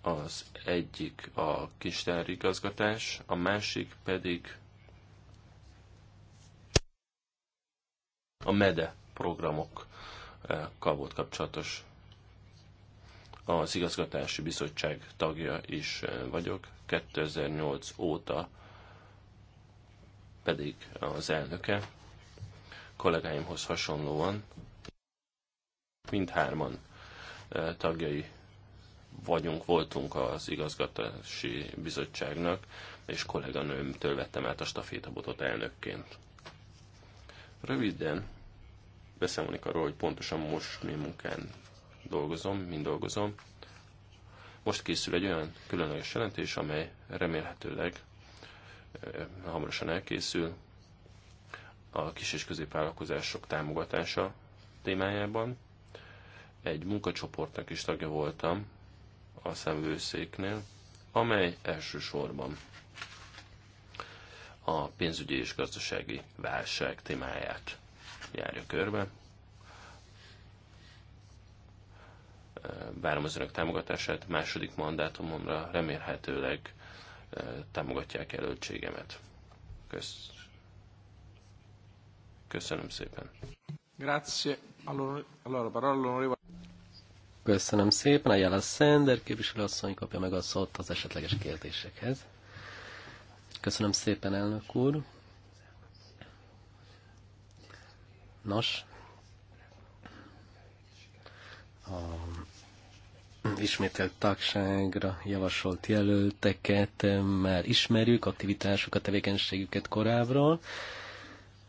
Az egyik a kis igazgatás, a másik pedig a MEDE programokkal volt kapcsolatos az igazgatási bizottság tagja is eh, vagyok, 2008 óta pedig az elnöke. Kollégáimhoz hasonlóan mindhárman eh, tagjai vagyunk, voltunk az igazgatási bizottságnak, és kolléganőmtől vettem át a stafétabotot elnökként. Röviden beszámolni arról, hogy pontosan most mi munkán dolgozom, mind dolgozom. Most készül egy olyan különleges jelentés, amely remélhetőleg eh, hamarosan elkészül a kis és középvállalkozások támogatása témájában. Egy munkacsoportnak is tagja voltam a szemvőszéknél, amely elsősorban a pénzügyi és gazdasági válság témáját járja körbe. várom az önök támogatását, második mandátumomra remélhetőleg támogatják jelöltségemet. Kösz. Köszönöm szépen. Grazie. Allora, parola Köszönöm szépen. A a Szender képviselőasszony kapja meg a szót az esetleges kérdésekhez. Köszönöm szépen, elnök úr. Nos, a ismételt tagságra javasolt jelölteket eh, már ismerjük, aktivitásukat, tevékenységüket korábbról,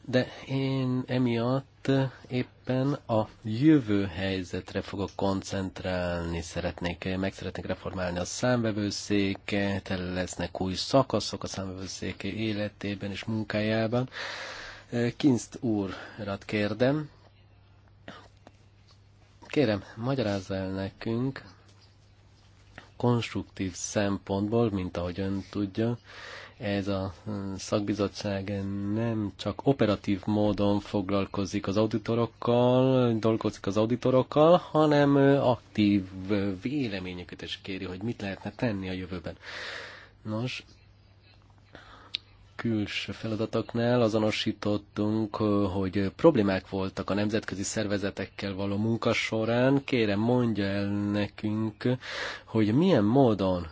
de én emiatt eh, éppen a jövő helyzetre fogok koncentrálni, szeretnék, eh, meg szeretnék reformálni a számvevőszéket, lesznek új szakaszok a számvevőszék életében és munkájában. Kinst úrrat kérdem, kérem, magyarázz el nekünk, konstruktív szempontból, mint ahogy ön tudja, ez a szakbizottság nem csak operatív módon foglalkozik az auditorokkal, dolgozik az auditorokkal, hanem aktív véleményeket is kéri, hogy mit lehetne tenni a jövőben. Nos, külső feladatoknál azonosítottunk, hogy problémák voltak a nemzetközi szervezetekkel való munka során. Kérem, mondja el nekünk, hogy milyen módon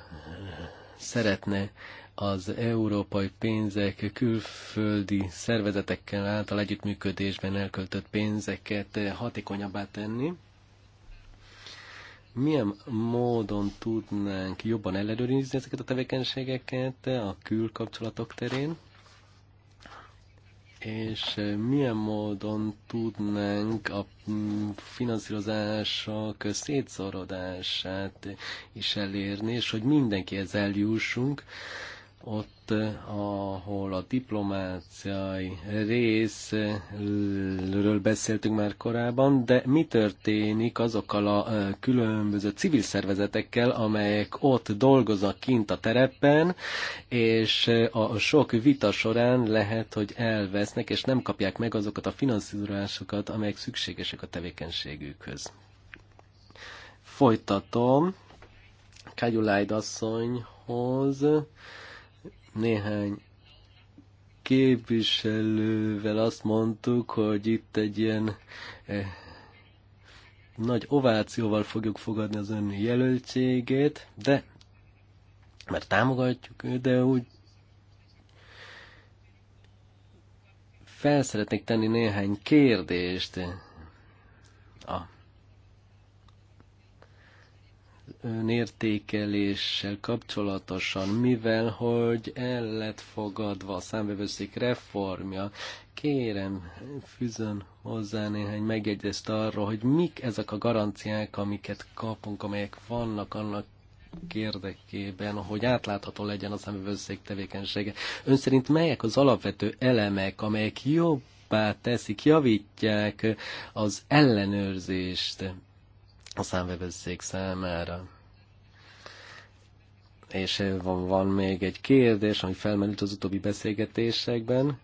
szeretne az európai pénzek külföldi szervezetekkel által együttműködésben elköltött pénzeket hatékonyabbá tenni milyen módon tudnánk jobban ellenőrizni ezeket a tevékenységeket a külkapcsolatok terén, és milyen módon tudnánk a mm, finanszírozások szétszorodását is elérni, és hogy mindenkihez eljussunk, ott, ahol a diplomáciai részről beszéltünk már korábban, de mi történik azokkal a különböző civil szervezetekkel, amelyek ott dolgoznak kint a terepen, és a sok vita során lehet, hogy elvesznek, és nem kapják meg azokat a finanszírozásokat, amelyek szükségesek a tevékenységükhöz. Folytatom. Kegyulájd asszonyhoz néhány képviselővel azt mondtuk, hogy itt egy ilyen eh, nagy ovációval fogjuk fogadni az ön jelöltségét, de mert támogatjuk őt, de úgy fel szeretnék tenni néhány kérdést önértékeléssel kapcsolatosan, mivel hogy el lett fogadva a számvevőszék reformja, kérem, fűzön hozzá néhány megjegyezt arról, hogy mik ezek a garanciák, amiket kapunk, amelyek vannak annak érdekében, hogy átlátható legyen a számvevőszék tevékenysége. Ön szerint melyek az alapvető elemek, amelyek jobbá teszik, javítják az ellenőrzést a számvevőszék számára? És eh, van, van még egy kérdés, ami felmerült az utóbbi beszélgetésekben,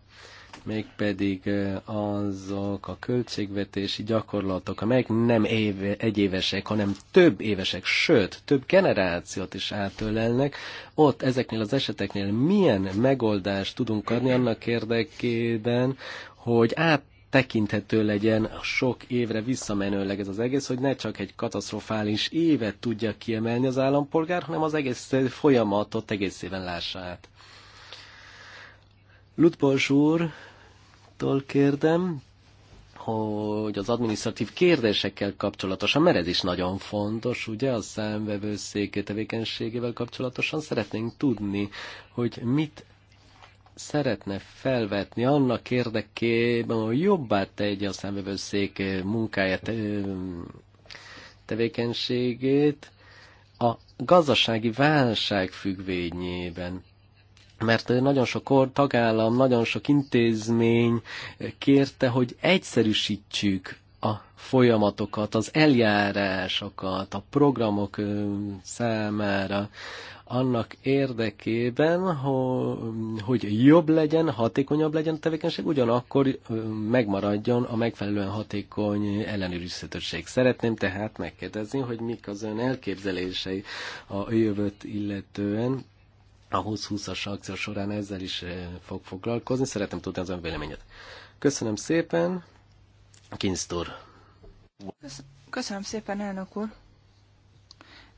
mégpedig eh, azok a költségvetési gyakorlatok, amelyek nem éve, egyévesek, hanem több évesek, sőt, több generációt is átölelnek, ott ezeknél az eseteknél milyen megoldást tudunk adni annak érdekében, hogy át tekinthető legyen sok évre visszamenőleg ez az egész, hogy ne csak egy katasztrofális évet tudja kiemelni az állampolgár, hanem az egész folyamatot egészében lássa át. Lutpols úrtól kérdem, hogy az adminisztratív kérdésekkel kapcsolatosan, mert ez is nagyon fontos, ugye, a számvevőszék tevékenységével kapcsolatosan szeretnénk tudni, hogy mit szeretne felvetni annak érdekében, hogy jobbá tegye a számvevőszék eh, munkáját, eh, tevékenységét a gazdasági válság függvényében mert eh, nagyon sok tagállam, nagyon sok intézmény kérte, hogy egyszerűsítsük a folyamatokat, az eljárásokat, a programok számára, annak érdekében, hogy jobb legyen, hatékonyabb legyen a tevékenység, ugyanakkor megmaradjon a megfelelően hatékony ellenőrizhetőség. Szeretném tehát megkérdezni, hogy mik az ön elképzelései a jövőt illetően, a 20-20-as akció során ezzel is fog foglalkozni. Szeretem tudni az ön véleményet. Köszönöm szépen. Kinsztor. Köszönöm szépen, elnök úr.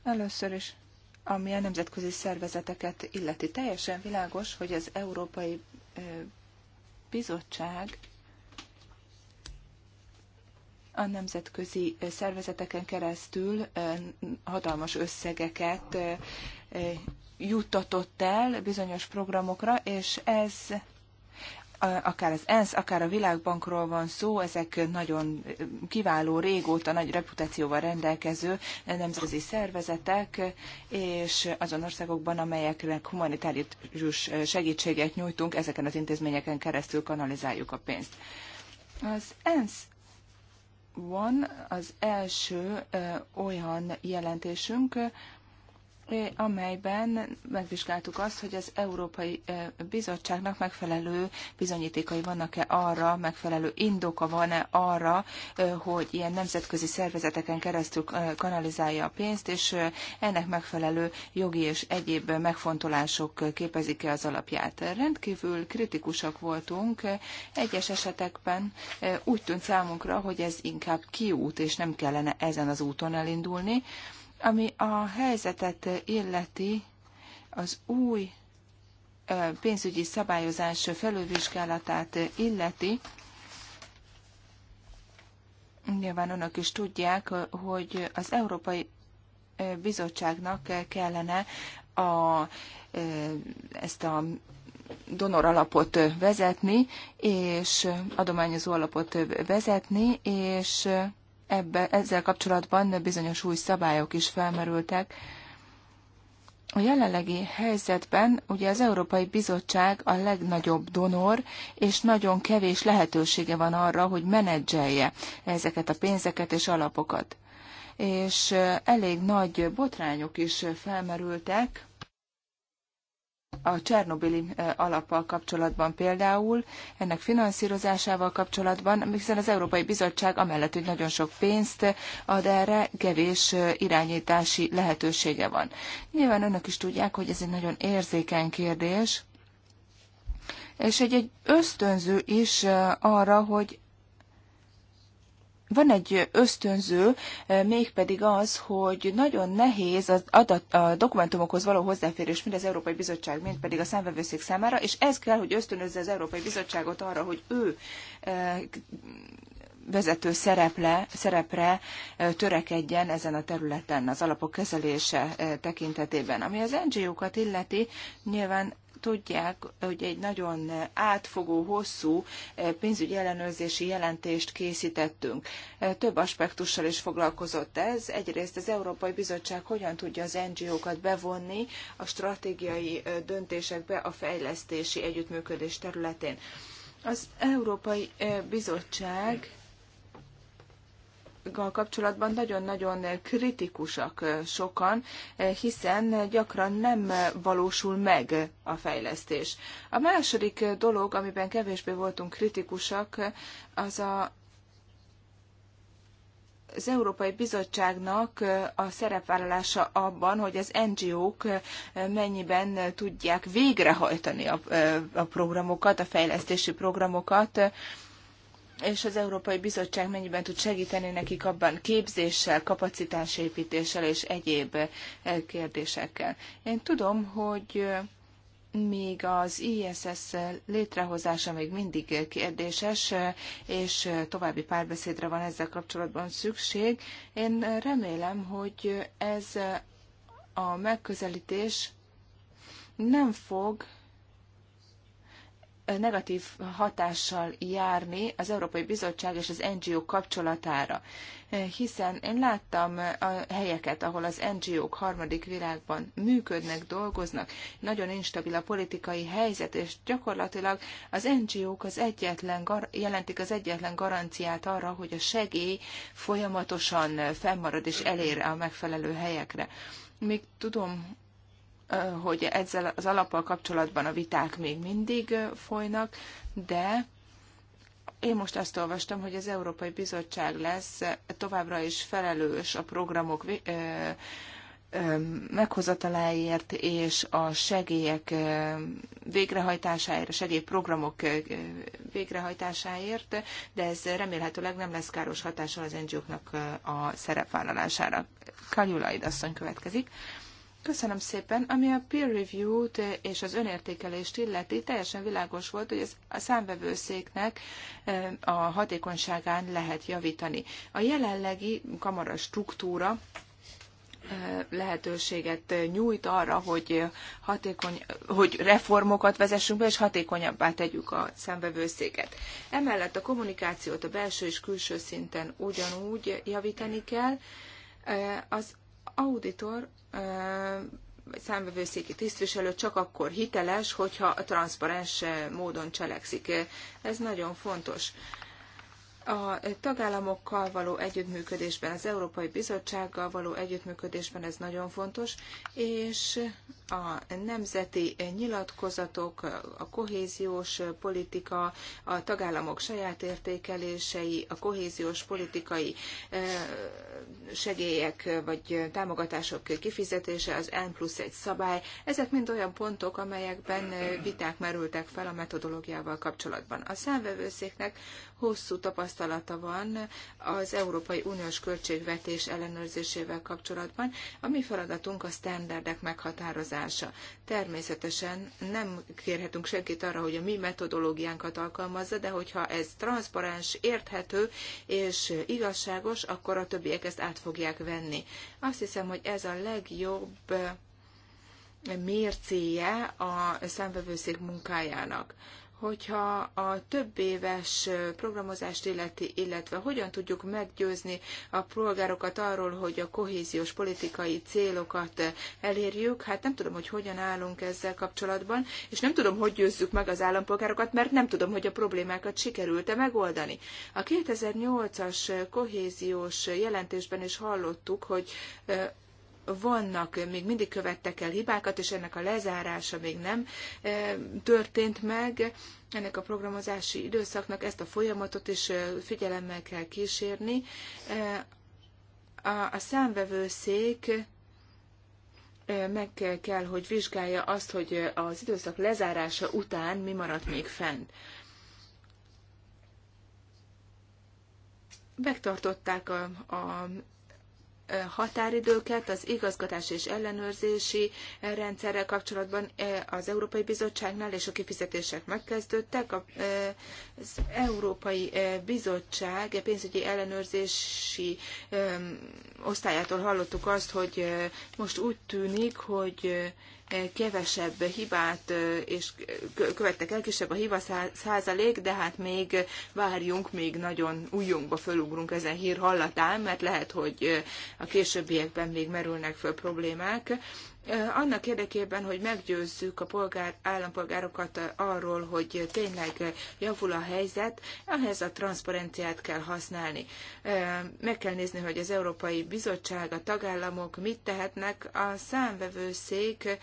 Először is ami a nemzetközi szervezeteket illeti. Teljesen világos, hogy az Európai Bizottság a nemzetközi szervezeteken keresztül hatalmas összegeket juttatott el bizonyos programokra, és ez akár az ENSZ, akár a Világbankról van szó, ezek nagyon kiváló, régóta nagy reputációval rendelkező nemzetközi szervezetek, és azon országokban, amelyeknek humanitárius segítséget nyújtunk, ezeken az intézményeken keresztül kanalizáljuk a pénzt. Az ENSZ van az első ö, olyan jelentésünk, amelyben megvizsgáltuk azt, hogy az Európai Bizottságnak megfelelő bizonyítékai vannak-e arra, megfelelő indoka van-e arra, hogy ilyen nemzetközi szervezeteken keresztül kanalizálja a pénzt, és ennek megfelelő jogi és egyéb megfontolások képezik-e az alapját. Rendkívül kritikusak voltunk egyes esetekben. Úgy tűnt számunkra, hogy ez inkább kiút, és nem kellene ezen az úton elindulni ami a helyzetet illeti, az új pénzügyi szabályozás felülvizsgálatát illeti, nyilván önök is tudják, hogy az Európai Bizottságnak kellene a, ezt a donor alapot vezetni, és adományozó alapot vezetni, és ebbe, ezzel kapcsolatban bizonyos új szabályok is felmerültek. A jelenlegi helyzetben ugye az Európai Bizottság a legnagyobb donor, és nagyon kevés lehetősége van arra, hogy menedzselje ezeket a pénzeket és alapokat. És eh, elég nagy botrányok is felmerültek, a Csernobili eh, alappal kapcsolatban például, ennek finanszírozásával kapcsolatban, hiszen az Európai Bizottság amellett, hogy nagyon sok pénzt ad erre, kevés eh, irányítási lehetősége van. Nyilván önök is tudják, hogy ez egy nagyon érzékeny kérdés, és egy, egy ösztönző is eh, arra, hogy van egy ösztönző, eh, mégpedig az, hogy nagyon nehéz az adat, a dokumentumokhoz való hozzáférés mind az Európai Bizottság, mind pedig a számvevőszék számára, és ez kell, hogy ösztönözze az Európai Bizottságot arra, hogy ő eh, vezető szereple, szerepre eh, törekedjen ezen a területen az alapok kezelése tekintetében. Ami az NGO-kat illeti, nyilván tudják, hogy egy nagyon átfogó, hosszú eh, pénzügyi ellenőrzési jelentést készítettünk. Eh, több aspektussal is foglalkozott ez. Egyrészt az Európai Bizottság hogyan tudja az NGO-kat bevonni a stratégiai eh, döntésekbe a fejlesztési együttműködés területén. Az Európai Bizottság kapcsolatban nagyon-nagyon kritikusak eh, sokan, eh, hiszen gyakran nem valósul meg a fejlesztés. A második eh, dolog, amiben kevésbé voltunk kritikusak, az a az Európai Bizottságnak a szerepvállalása abban, hogy az NGO-k mennyiben tudják végrehajtani a, a programokat, a fejlesztési programokat, és az Európai Bizottság mennyiben tud segíteni nekik abban képzéssel, kapacitásépítéssel és egyéb eh, kérdésekkel. Én tudom, hogy eh, még az ISS létrehozása még mindig kérdéses, eh, és további párbeszédre van ezzel kapcsolatban szükség. Én remélem, hogy ez a megközelítés nem fog negatív hatással járni az Európai Bizottság és az NGO kapcsolatára, hiszen én láttam a helyeket, ahol az NGO-k harmadik világban működnek, dolgoznak, nagyon instabil a politikai helyzet, és gyakorlatilag az NGO-k az egyetlen, jelentik az egyetlen garanciát arra, hogy a segély folyamatosan fennmarad és elér a megfelelő helyekre. Még tudom, hogy ezzel az alappal kapcsolatban a viták még mindig folynak, de én most azt olvastam, hogy az Európai Bizottság lesz továbbra is felelős a programok meghozataláért és a segélyek végrehajtásáért, a segélyprogramok végrehajtásáért, de ez remélhetőleg nem lesz káros hatással az NGO-knak a szerepvállalására. Kanyulaid asszony következik. Köszönöm szépen. Ami a peer review-t és az önértékelést illeti, teljesen világos volt, hogy ez a számvevőszéknek eh, a hatékonyságán lehet javítani. A jelenlegi kamara struktúra eh, lehetőséget nyújt arra, hogy, hatékony, hogy reformokat vezessünk be, és hatékonyabbá tegyük a szembevőszéket. Emellett a kommunikációt a belső és külső szinten ugyanúgy javítani kell. Eh, az auditor vagy számvevőszéki tisztviselő csak akkor hiteles, hogyha a transzparens módon cselekszik. Ez nagyon fontos. A tagállamokkal való együttműködésben, az Európai Bizottsággal való együttműködésben ez nagyon fontos, és a nemzeti nyilatkozatok, a kohéziós politika, a tagállamok saját értékelései, a kohéziós politikai eh, segélyek vagy támogatások kifizetése, az N plusz egy szabály, ezek mind olyan pontok, amelyekben eh, viták merültek fel a metodológiával kapcsolatban. A számvevőszéknek hosszú tapasztalata van az Európai Uniós költségvetés ellenőrzésével kapcsolatban. A mi feladatunk a standardek meghatározása alkalmazása. Természetesen nem kérhetünk senkit arra, hogy a mi metodológiánkat alkalmazza, de hogyha ez transzparens, érthető és igazságos, akkor a többiek ezt át fogják venni. Azt hiszem, hogy ez a legjobb eh, mércéje a számvevőszék munkájának hogyha a több éves programozást illeti, illetve hogyan tudjuk meggyőzni a polgárokat arról, hogy a kohéziós politikai célokat elérjük, hát nem tudom, hogy hogyan állunk ezzel kapcsolatban, és nem tudom, hogy győzzük meg az állampolgárokat, mert nem tudom, hogy a problémákat sikerült-e megoldani. A 2008-as kohéziós jelentésben is hallottuk, hogy vannak, még mindig követtek el hibákat, és ennek a lezárása még nem eh, történt meg. Ennek a programozási időszaknak ezt a folyamatot is eh, figyelemmel kell kísérni. Eh, a számvevőszék meg kell, hogy vizsgálja azt, hogy az időszak lezárása után mi maradt még fent. Megtartották a, a határidőket az igazgatási és ellenőrzési rendszerrel kapcsolatban az Európai Bizottságnál, és a kifizetések megkezdődtek. Az Európai Bizottság pénzügyi ellenőrzési osztályától hallottuk azt, hogy most úgy tűnik, hogy kevesebb hibát és követtek el, kisebb a hiba százalék, de hát még várjunk, még nagyon újjunkba fölugrunk ezen hír hallatán, mert lehet, hogy a későbbiekben még merülnek föl problémák. Eh, annak érdekében, hogy meggyőzzük a polgár, állampolgárokat eh, arról, hogy tényleg eh, javul a helyzet, ehhez a transzparenciát kell használni. Meg kell nézni, hogy az Európai Bizottság, a tagállamok mit tehetnek. A számvevőszék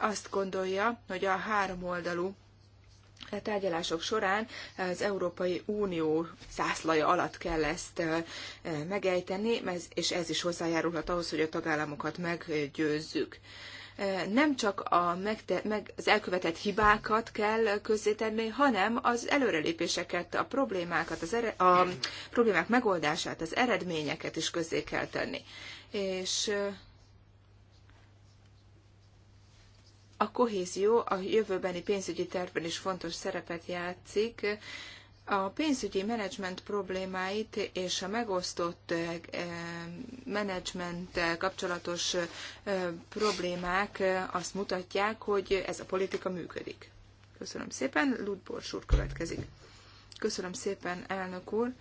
azt gondolja, hogy a háromoldalú tárgyalások során az Európai Unió zászlaja alatt kell ezt megejteni, és ez is hozzájárulhat ahhoz, hogy a tagállamokat meggyőzzük. Nem csak a megte- meg az elkövetett hibákat kell közzétenni, hanem az előrelépéseket, a problémákat, az ere- a problémák megoldását, az eredményeket is közzé kell tenni. És A kohézió a jövőbeni pénzügyi tervben is fontos szerepet játszik. A pénzügyi menedzsment problémáit és a megosztott eh, menedzsment kapcsolatos eh, problémák eh, azt mutatják, hogy ez a politika működik. Köszönöm szépen, Ludbors úr következik. Köszönöm szépen, elnök úr.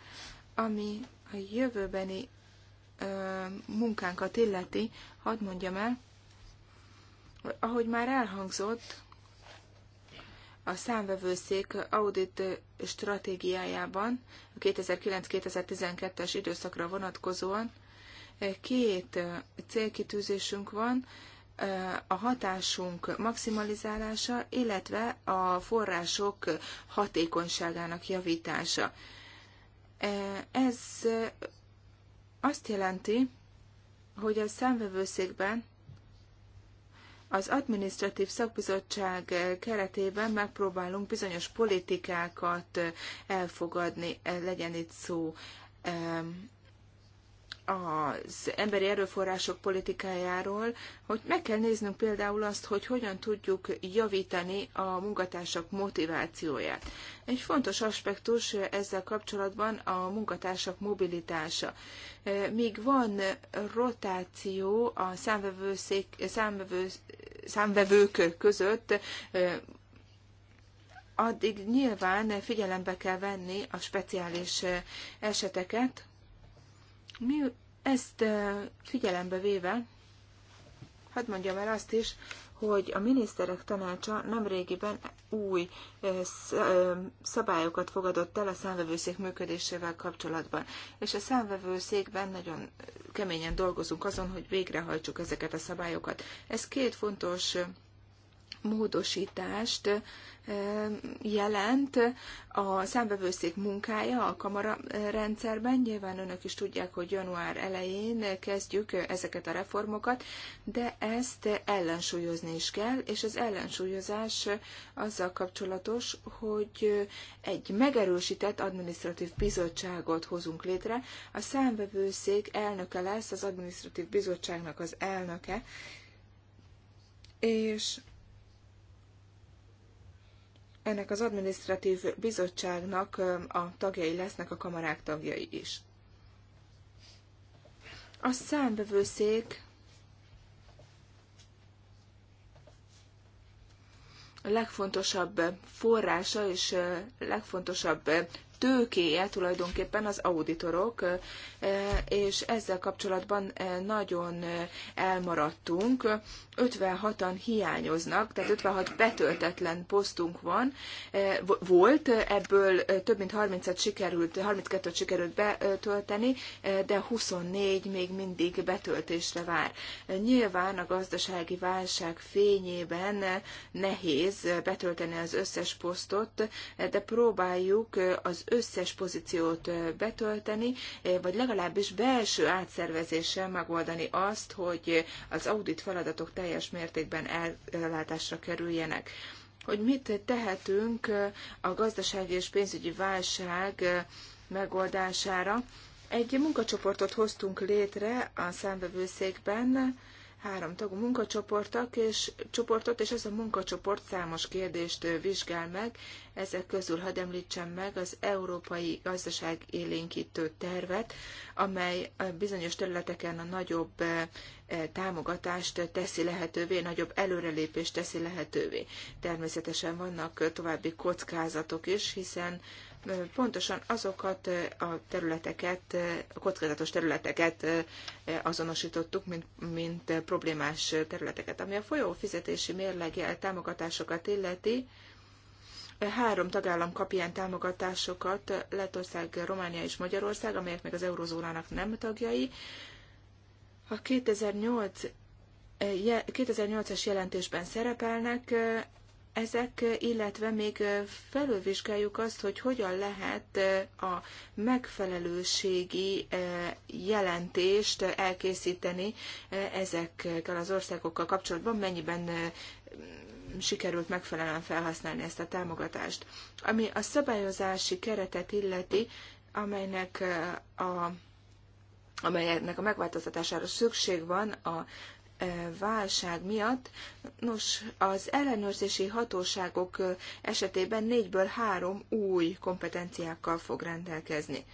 Ami a jövőbeni munkánkat illeti, hadd mondjam el, ahogy már elhangzott, a számvevőszék audit stratégiájában a 2009-2012-es időszakra vonatkozóan eh, két eh, célkitűzésünk van, eh, a hatásunk maximalizálása, illetve a források hatékonyságának javítása. Ez azt jelenti, hogy a számvevőszékben az adminisztratív szakbizottság keretében megpróbálunk bizonyos politikákat elfogadni, legyen itt szó az emberi erőforrások politikájáról, hogy meg kell néznünk például azt, hogy hogyan tudjuk javítani a munkatársak motivációját. Egy fontos aspektus ezzel kapcsolatban a munkatársak mobilitása. E, míg van rotáció a számvevők között, e, addig nyilván figyelembe kell venni a speciális eseteket, mi ezt figyelembe véve, hadd mondjam el azt is, hogy a miniszterek tanácsa nemrégiben új szabályokat fogadott el a számvevőszék működésével kapcsolatban. És a számvevőszékben nagyon keményen dolgozunk azon, hogy végrehajtsuk ezeket a szabályokat. Ez két fontos módosítást jelent a számbevőszék munkája a kamara rendszerben. Nyilván önök is tudják, hogy január elején kezdjük ezeket a reformokat, de ezt ellensúlyozni is kell, és az ellensúlyozás azzal kapcsolatos, hogy egy megerősített administratív bizottságot hozunk létre. A számbevőszék elnöke lesz az administratív bizottságnak az elnöke, és ennek az adminisztratív bizottságnak a tagjai lesznek a kamarák tagjai is. A számbevőszék legfontosabb forrása és legfontosabb tőkéje tulajdonképpen az auditorok, és ezzel kapcsolatban nagyon elmaradtunk. 56-an hiányoznak, tehát 56 betöltetlen posztunk van, volt, ebből több mint 30-et sikerült, 32-t sikerült betölteni, de 24 még mindig betöltésre vár. Nyilván a gazdasági válság fényében nehéz betölteni az összes posztot, de próbáljuk az összes pozíciót betölteni, vagy legalábbis belső átszervezéssel megoldani azt, hogy az audit feladatok teljes mértékben ellátásra kerüljenek hogy mit tehetünk a gazdasági és pénzügyi válság megoldására. Egy munkacsoportot hoztunk létre a számbevőszékben, három tagú munkacsoportok, és csoportot, és ez a munkacsoport számos kérdést vizsgál meg. Ezek közül hadd említsem meg az Európai Gazdaság élénkítő tervet, amely bizonyos területeken a nagyobb támogatást teszi lehetővé, nagyobb előrelépést teszi lehetővé. Természetesen vannak további kockázatok is, hiszen pontosan azokat a területeket, a kockázatos területeket azonosítottuk, mint, mint problémás területeket. Ami a folyó fizetési mérleggel támogatásokat illeti, három tagállam kap ilyen támogatásokat, Lettország, Románia és Magyarország, amelyek még az eurozónának nem tagjai. A 2008 2008-as jelentésben szerepelnek, ezek, illetve még felülvizsgáljuk azt, hogy hogyan lehet a megfelelőségi jelentést elkészíteni ezekkel az országokkal kapcsolatban, mennyiben sikerült megfelelően felhasználni ezt a támogatást. Ami a szabályozási keretet illeti, amelynek a amelynek a megváltoztatására szükség van a válság miatt. Nos, az ellenőrzési hatóságok esetében négyből három új kompetenciákkal fog rendelkezni.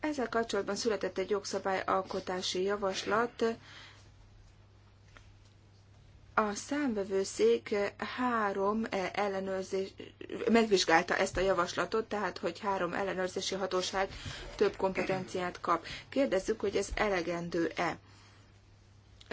Ezzel kapcsolatban született egy jogszabályalkotási javaslat, a számvevőszék három eh, ellenőrzés, megvizsgálta ezt a javaslatot, tehát hogy három ellenőrzési hatóság több kompetenciát kap. Kérdezzük, hogy ez elegendő-e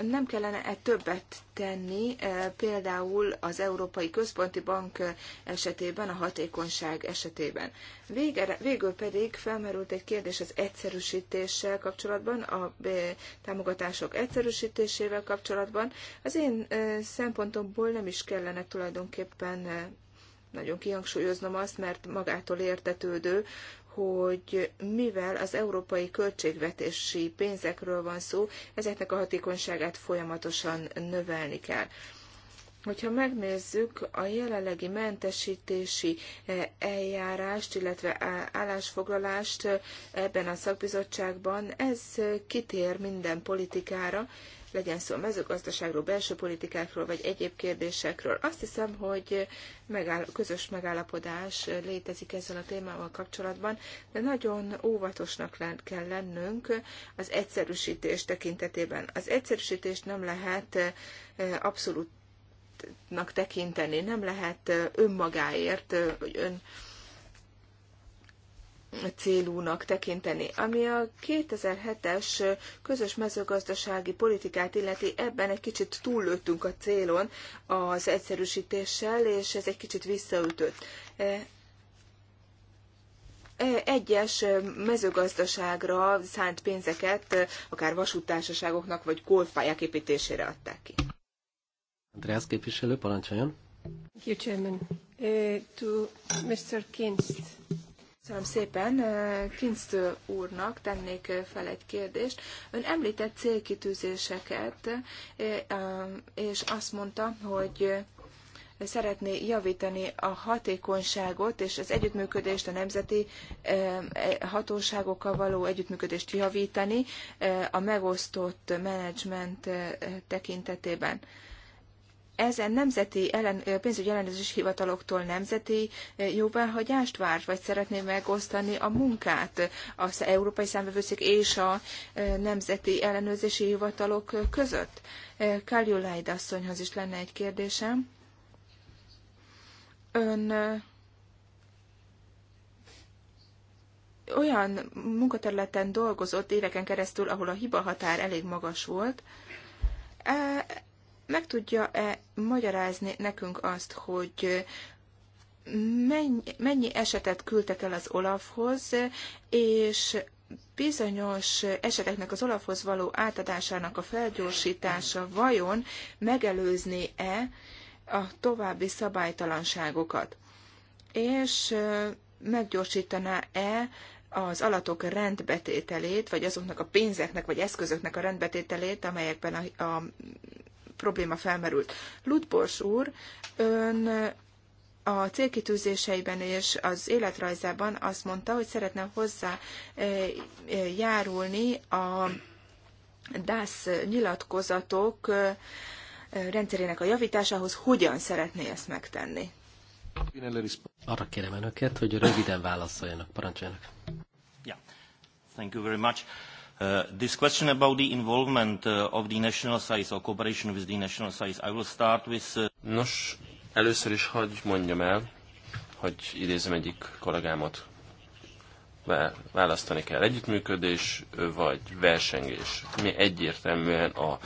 nem kellene-e többet tenni, e, például az Európai Központi Bank esetében, a hatékonyság esetében. Végere, végül pedig felmerült egy kérdés az egyszerűsítéssel kapcsolatban, a e, támogatások egyszerűsítésével kapcsolatban. Az én e, szempontomból nem is kellene tulajdonképpen nagyon kihangsúlyoznom azt, mert magától értetődő, hogy mivel az európai költségvetési pénzekről van szó, ezeknek a hatékonyságát folyamatosan növelni kell. Hogyha megnézzük a jelenlegi mentesítési e, eljárást, illetve állásfoglalást e, ebben a szakbizottságban, ez kitér minden politikára, legyen szó mezőgazdaságról, belső politikákról, vagy egyéb kérdésekről. Azt hiszem, hogy megáll, közös megállapodás létezik ezzel a témával kapcsolatban, de nagyon óvatosnak kell lennünk az egyszerűsítés tekintetében. Az egyszerűsítést nem lehet e, abszolút tekinteni, nem lehet e, önmagáért, vagy e, ön célúnak tekinteni. Ami a 2007-es közös mezőgazdasági politikát illeti, ebben egy kicsit túllőttünk a célon az egyszerűsítéssel, és ez egy kicsit visszaütött. E, egyes mezőgazdaságra szánt pénzeket akár vasúttársaságoknak vagy golfpályák építésére adták ki. Andreas képviselő, parancsoljon. Thank you, Chairman. Uh, to Mr. Kinst. Köszönöm szépen. Kinzt úrnak tennék fel egy kérdést. Ön említett célkitűzéseket, és azt mondta, hogy szeretné javítani a hatékonyságot és az együttműködést, a nemzeti e, hatóságokkal való együttműködést javítani a megosztott menedzsment tekintetében ezen nemzeti ellen, pénzügyi ellenőrzési hivataloktól nemzeti jóváhagyást várt, vagy szeretné megosztani a munkát az Európai Számbevőszék és a nemzeti ellenőrzési hivatalok között? Kaljulaid asszonyhoz is lenne egy kérdésem. Ön olyan munkaterületen dolgozott éveken keresztül, ahol a hiba határ elég magas volt, meg tudja-e magyarázni nekünk azt, hogy mennyi, mennyi esetet küldtek el az Olafhoz, és bizonyos eseteknek az Olafhoz való átadásának a felgyorsítása vajon megelőzni-e a további szabálytalanságokat, és meggyorsítaná-e az alatok rendbetételét, vagy azoknak a pénzeknek, vagy eszközöknek a rendbetételét, amelyekben a, a probléma felmerült. Ludbors úr, ön a célkitűzéseiben és az életrajzában azt mondta, hogy szeretne hozzá e, e, járulni a DASZ nyilatkozatok e, rendszerének a javításához. Hogyan szeretné ezt megtenni? Arra kérem önöket, hogy röviden válaszoljanak, parancsoljanak. Yeah. Thank you very much. Uh, this question about the involvement uh, of the national size or cooperation with the national size, I will start with... Uh, Nos, először is hagy mondjam el, hogy idézem egyik kollégámat. Választani kell együttműködés vagy versengés. Mi egyértelműen a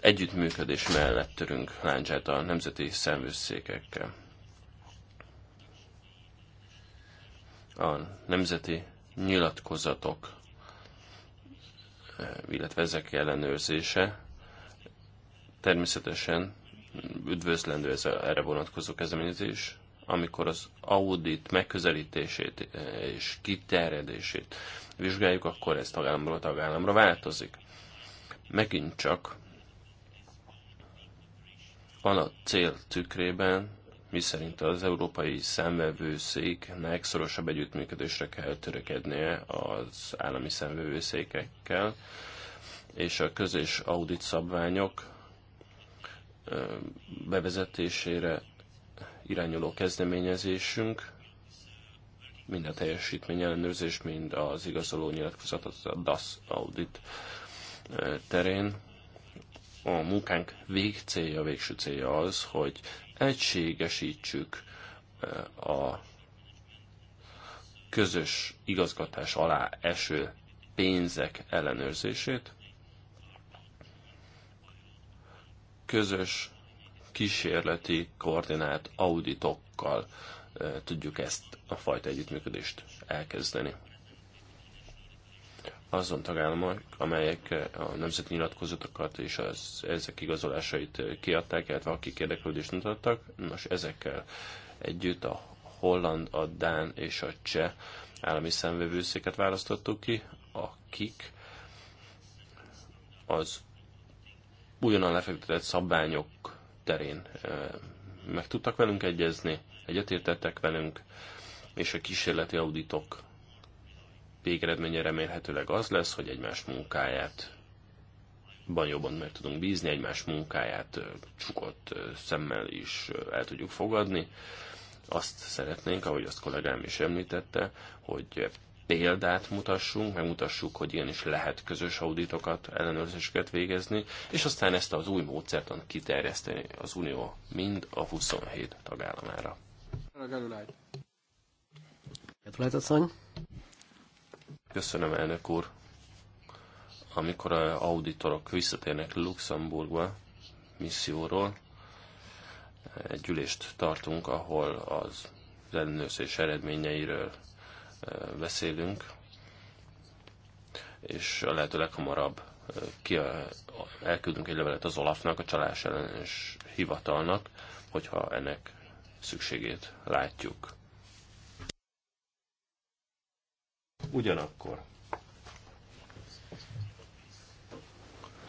együttműködés mellett törünk láncsát a nemzeti szemvőszékekkel. A nemzeti nyilatkozatok, illetve ezek ellenőrzése természetesen üdvözlendő ez a, erre vonatkozó kezdeményezés, amikor az audit megközelítését e, és kiterjedését vizsgáljuk, akkor ez tagállamról tagállamra változik. Megint csak van a cél tükrében miszerint az Európai Számvevőszéknek szorosabb együttműködésre kell törekednie az állami szemvevőszékekkel, és a közös audit szabványok bevezetésére irányuló kezdeményezésünk mind a teljesítmény ellenőrzés, mind az igazoló nyilatkozat, az a DAS audit terén. A munkánk végcélja, végső célja az, hogy egységesítsük eh, a közös igazgatás alá eső pénzek ellenőrzését, közös kísérleti koordinált auditokkal eh, tudjuk ezt a fajta együttműködést elkezdeni azon tagállamok, amelyek a nemzeti nyilatkozatokat és az, ezek igazolásait kiadták, illetve akik érdeklődést mutattak, nos ezekkel együtt a holland, a dán és a cseh állami szemvevőszéket választottuk ki, akik az újonnan lefektetett szabványok terén meg tudtak velünk egyezni, egyetértettek velünk, és a kísérleti auditok végeredménye remélhetőleg az lesz, hogy egymás munkáját ban jobban meg tudunk bízni, egymás munkáját csukott szemmel is el tudjuk fogadni. Azt szeretnénk, ahogy azt kollégám is említette, hogy példát mutassunk, megmutassuk, hogy ilyen is lehet közös auditokat, ellenőrzéseket végezni, és aztán ezt az új módszertan kiterjeszteni az Unió mind a 27 tagállamára. Gratulálj asszony! Köszönöm, elnök úr. Amikor a auditorok visszatérnek Luxemburgba misszióról, egy ülést tartunk, ahol az ellenőrzés eredményeiről e, beszélünk, és a lehető leghamarabb e, ki a, elküldünk egy levelet az Olafnak, a csalás ellenes hivatalnak, hogyha ennek szükségét látjuk. Ugyanakkor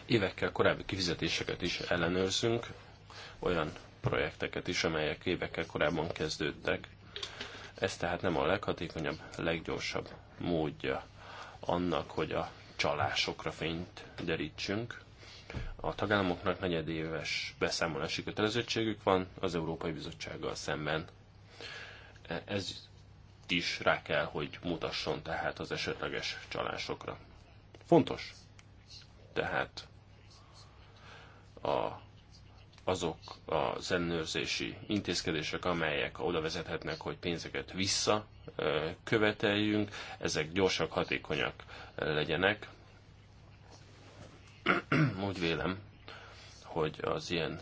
évekkel korábbi kifizetéseket is ellenőrzünk, olyan projekteket is, amelyek évekkel korábban kezdődtek. Ez tehát nem a leghatékonyabb, leggyorsabb módja annak, hogy a csalásokra fényt derítsünk. A tagállamoknak negyedéves beszámolási kötelezettségük van az Európai Bizottsággal szemben. Ez is rá kell, hogy mutasson tehát az esetleges csalásokra. Fontos tehát a, azok az ellenőrzési intézkedések, amelyek oda vezethetnek, hogy pénzeket vissza követeljünk, ezek gyorsak, hatékonyak legyenek. Úgy vélem, hogy az ilyen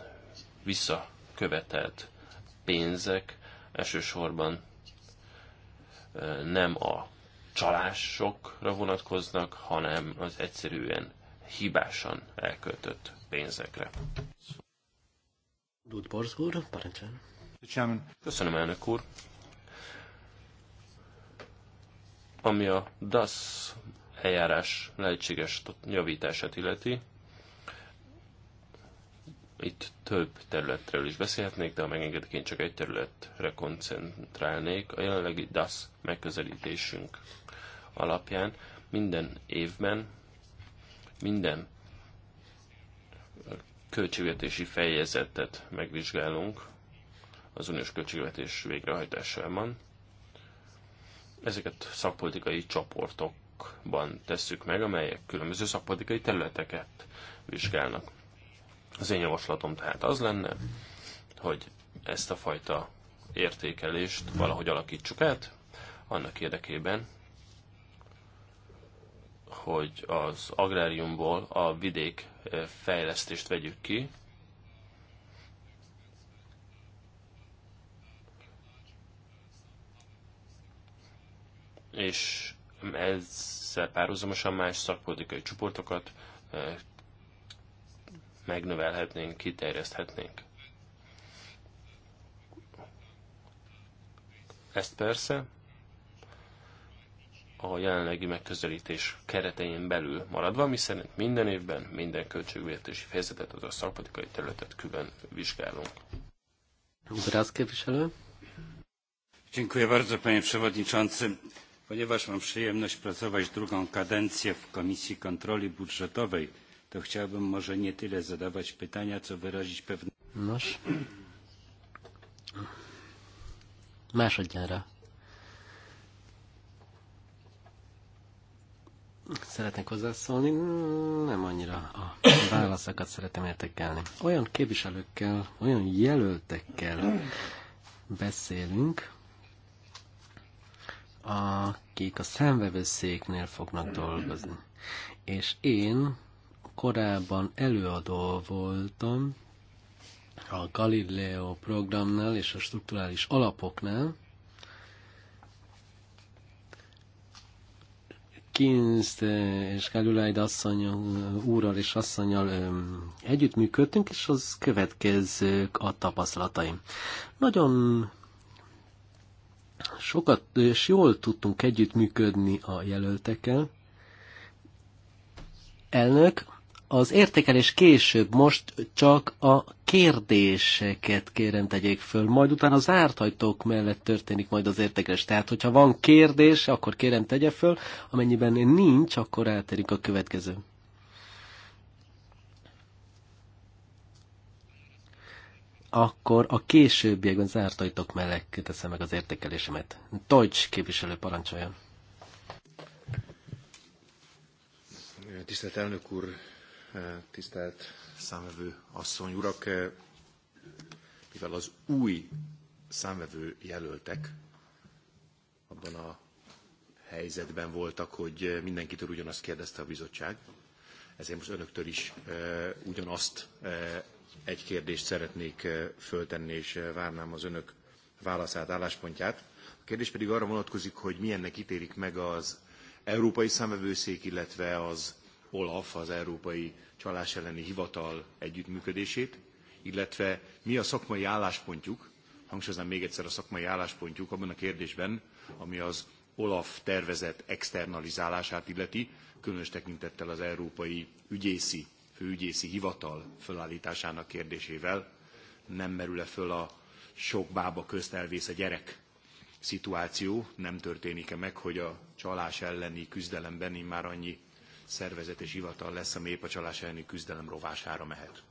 visszakövetelt pénzek elsősorban nem a csalásokra vonatkoznak, hanem az egyszerűen hibásan elköltött pénzekre. Köszönöm, elnök úr. Ami a DASZ eljárás lehetséges javítását illeti, itt több területről is beszélhetnék, de ha megengedik, én csak egy területre koncentrálnék. A jelenlegi DAS megközelítésünk alapján minden évben, minden költségvetési fejezetet megvizsgálunk az uniós költségvetés végrehajtásában. Ezeket szakpolitikai csoportokban tesszük meg, amelyek különböző szakpolitikai területeket vizsgálnak. Az én javaslatom tehát az lenne, hogy ezt a fajta értékelést valahogy alakítsuk át, annak érdekében, hogy az agráriumból a vidék eh, fejlesztést vegyük ki, és ezzel párhuzamosan más szakpolitikai csoportokat eh, megnövelhetnénk, kiterjeszthetnénk. Ezt persze a jelenlegi megközelítés keretein belül maradva, miszerint minden évben minden költségvetési fejezetet, az a szakpolitikai területet külön vizsgálunk. Grász képviselő. Dziękuję bardzo, panie przewodniczący. Ponieważ mam przyjemność pracować drugą kadencję w Komisji Kontroli Budżetowej, to chciałbym może nie tyle zadawać pytania, co wyrazić pewne... Nos. Másodjára. Szeretnék hozzászólni, nem annyira a válaszokat szeretem értekelni. Olyan képviselőkkel, olyan jelöltekkel beszélünk, akik a számvevőszéknél fognak dolgozni. És én korábban előadó voltam a Galileo programnál és a strukturális alapoknál, Kinst eh, és Kálülájd asszony úrral és asszonyal eh, együttműködtünk, és az következők a tapasztalataim. Nagyon sokat és jól tudtunk együttműködni a jelöltekkel. Elnök, az értékelés később, most csak a kérdéseket kérem tegyék föl, majd utána az zárt mellett történik majd az értékelés. Tehát, hogyha van kérdés, akkor kérem tegye föl, amennyiben nincs, akkor elterik a következő. Akkor a későbbiekben az ajtók mellett teszem meg az értékelésemet. Tojcs képviselő parancsoljon. Tisztelt elnök úr, Eh, tisztelt számvevő asszony, urak! Eh, mivel az új számvevő jelöltek abban a helyzetben voltak, hogy eh, mindenkitől ugyanazt kérdezte a bizottság, ezért most önöktől is ugyanazt egy kérdést szeretnék föltenni, és várnám az önök válaszát, álláspontját. A kérdés pedig arra vonatkozik, hogy milyennek ítélik meg az Európai Számvevőszék, illetve az OLAF, az Európai Csalás elleni Hivatal együttműködését, illetve mi a szakmai álláspontjuk, hangsúlyoznám még egyszer a szakmai álláspontjuk abban a kérdésben, ami az OLAF tervezett externalizálását illeti, különös tekintettel az Európai Ügyészi, Főügyészi Hivatal fölállításának kérdésével, nem merül-e föl a sok bába közt elvész a gyerek szituáció, nem történik-e meg, hogy a csalás elleni küzdelemben immár annyi szervezet és hivatal lesz, ami épp a csalás elleni küzdelem rovására mehet.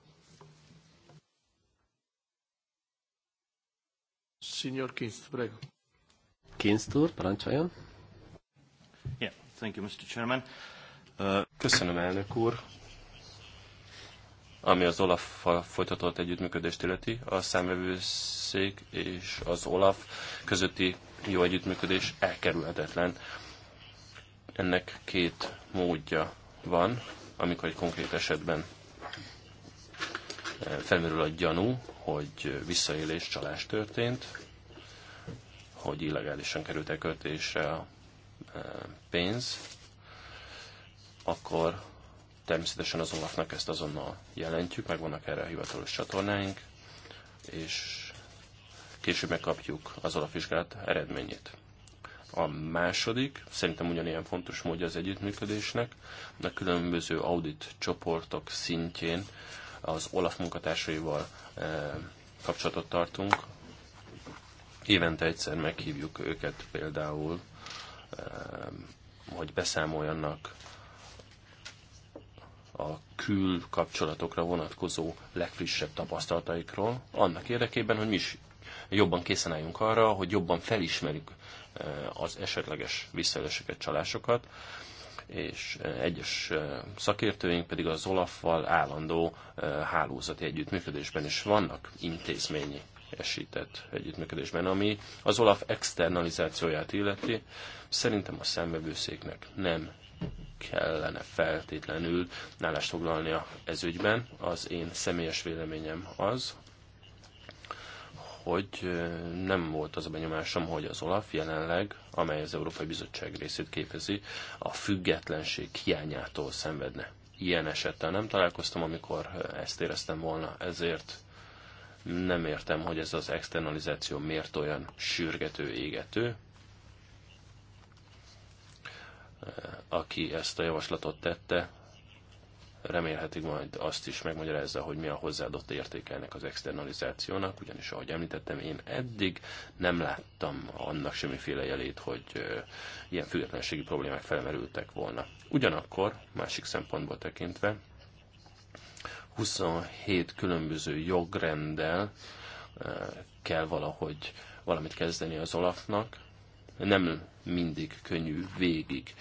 Signor Kinst, prego. Kinst parancsoljon. Yeah, thank you, Mr. Chairman. Uh, Köszönöm, elnök úr ami az olaf folytatott együttműködést illeti, a számvevőszék és az OLAF közötti jó együttműködés elkerülhetetlen ennek két módja van, amikor egy konkrét esetben eh, felmerül a gyanú, hogy visszaélés, csalás történt, hogy illegálisan került elköltésre a eh, pénz, akkor természetesen az Olafnak ezt azonnal jelentjük, meg vannak erre a hivatalos csatornáink, és később megkapjuk az olafvizsgálat eredményét. A második, szerintem ugyanilyen fontos módja az együttműködésnek, de különböző audit csoportok szintjén az OLAF munkatársaival eh, kapcsolatot tartunk. Évente egyszer meghívjuk őket például, eh, hogy beszámoljanak a külkapcsolatokra vonatkozó legfrissebb tapasztalataikról, annak érdekében, hogy mi is jobban készen álljunk arra, hogy jobban felismerjük eh, az esetleges visszaeléseket, csalásokat, és eh, egyes eh, szakértőink pedig az Olaffal állandó hálózati együttműködésben is vannak intézményi esített együttműködésben, ami az Olaf externalizációját illeti, szerintem a szemvevőszéknek nem kellene feltétlenül állást foglalnia ez ügyben. Az én személyes véleményem az, hogy nem volt az a benyomásom, hogy az OLAF jelenleg, amely az Európai Bizottság részét képezi, a függetlenség hiányától szenvedne. Ilyen esettel nem találkoztam, amikor ezt éreztem volna, ezért nem értem, hogy ez az externalizáció miért olyan sürgető, égető. Aki ezt a javaslatot tette, remélhetik majd azt is megmagyarázza, hogy mi a hozzáadott értékelnek az externalizációnak, ugyanis ahogy említettem, én eddig nem láttam annak semmiféle jelét, hogy ilyen függetlenségi problémák felmerültek volna. Ugyanakkor, másik szempontból tekintve, 27 különböző jogrendel kell valahogy valamit kezdeni az Olafnak. Nem mindig könnyű végig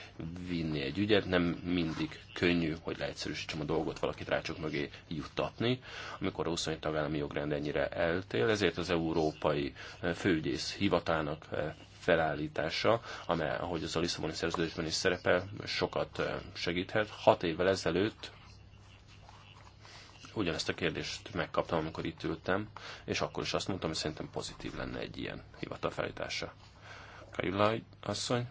vinni egy ügyet, nem mindig könnyű, hogy leegyszerűsítsem a dolgot, valakit rácsok mögé juttatni, amikor a 27 tagállami jogrend ennyire eltél, ezért az Európai eh, Főügyész Hivatának eh, felállítása, amely, ahogy az a Lisszaboni szerződésben is szerepel, sokat eh, segíthet. Hat évvel ezelőtt ugyanezt a kérdést megkaptam, amikor itt ültem, és akkor is azt mondtam, hogy szerintem pozitív lenne egy ilyen hivatal felállítása. Kajulaj asszony.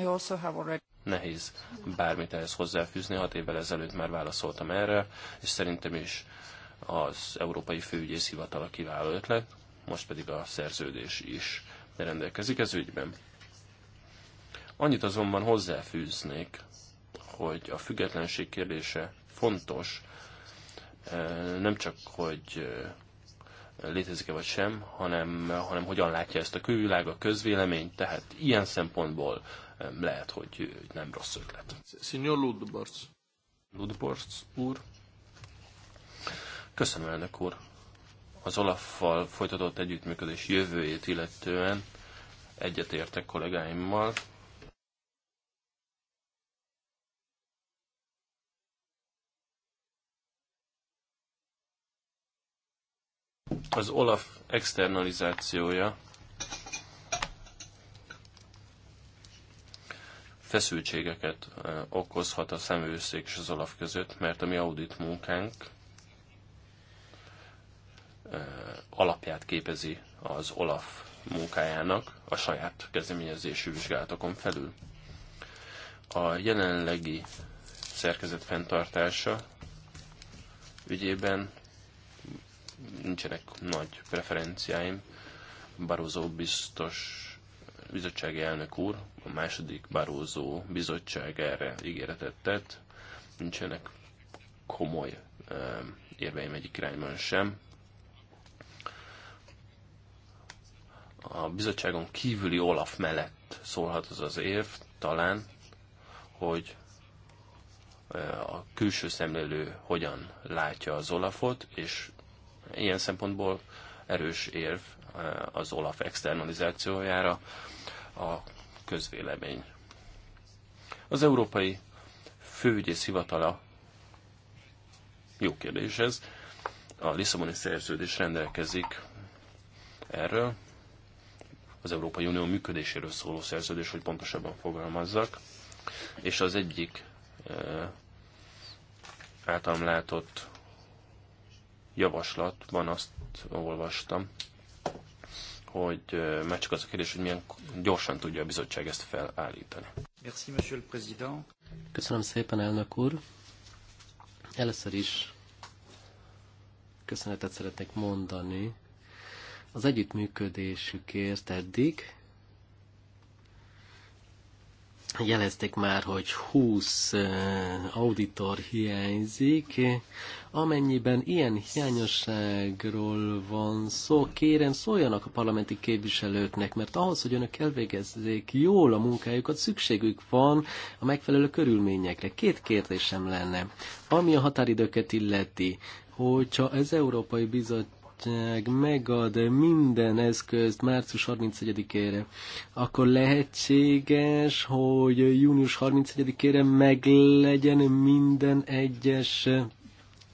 I also have already... Nehéz bármit ehhez hozzáfűzni, hat évvel ezelőtt már válaszoltam erre, és szerintem is az Európai Főügyész Hivatala kiváló ötlet, most pedig a szerződés is rendelkezik ez ügyben. Annyit azonban hozzáfűznék, hogy a függetlenség kérdése fontos, eh, nem csak, hogy eh, létezik-e vagy sem, hanem, hanem hogyan látja ezt a külvilág, a közvélemény, tehát ilyen szempontból lehet, hogy nem rossz ötlet. Signor Ludborz. Ludborz úr. Köszönöm, elnök úr. Az Olaffal folytatott együttműködés jövőjét illetően egyetértek kollégáimmal, Az Olaf externalizációja feszültségeket okozhat a szemőszék és az Olaf között, mert a mi audit munkánk alapját képezi az Olaf munkájának a saját kezdeményezésű vizsgálatokon felül. A jelenlegi szerkezet fenntartása ügyében nincsenek nagy preferenciáim. Barózó biztos bizottsági elnök úr, a második Barózó bizottság erre ígéretet tett. Nincsenek komoly érveim egyik irányban sem. A bizottságon kívüli Olaf mellett szólhat az az év, talán, hogy a külső szemlélő hogyan látja az Olafot, és ilyen szempontból erős érv e, az Olaf externalizációjára a közvélemény. Az Európai Főügyész Hivatala, jó kérdés ez, a Lisszaboni szerződés rendelkezik erről, az Európai Unió működéséről szóló szerződés, hogy pontosabban fogalmazzak, és az egyik e, általam látott javaslatban azt olvastam, hogy már csak az a kérdés, hogy milyen gyorsan tudja a bizottság ezt felállítani. Merci, monsieur le président. Köszönöm szépen, elnök úr. Először is köszönetet szeretnék mondani az együttműködésükért eddig, jelezték már, hogy 20 auditor hiányzik. Amennyiben ilyen hiányosságról van szó, kérem szóljanak a parlamenti képviselőknek, mert ahhoz, hogy önök elvégezzék jól a munkájukat, szükségük van a megfelelő körülményekre. Két kérdésem lenne. Ami a határidőket illeti, hogyha az Európai Bizottság bizottság megad minden eszközt március 31-ére, akkor lehetséges, hogy június 31-ére meglegyen minden egyes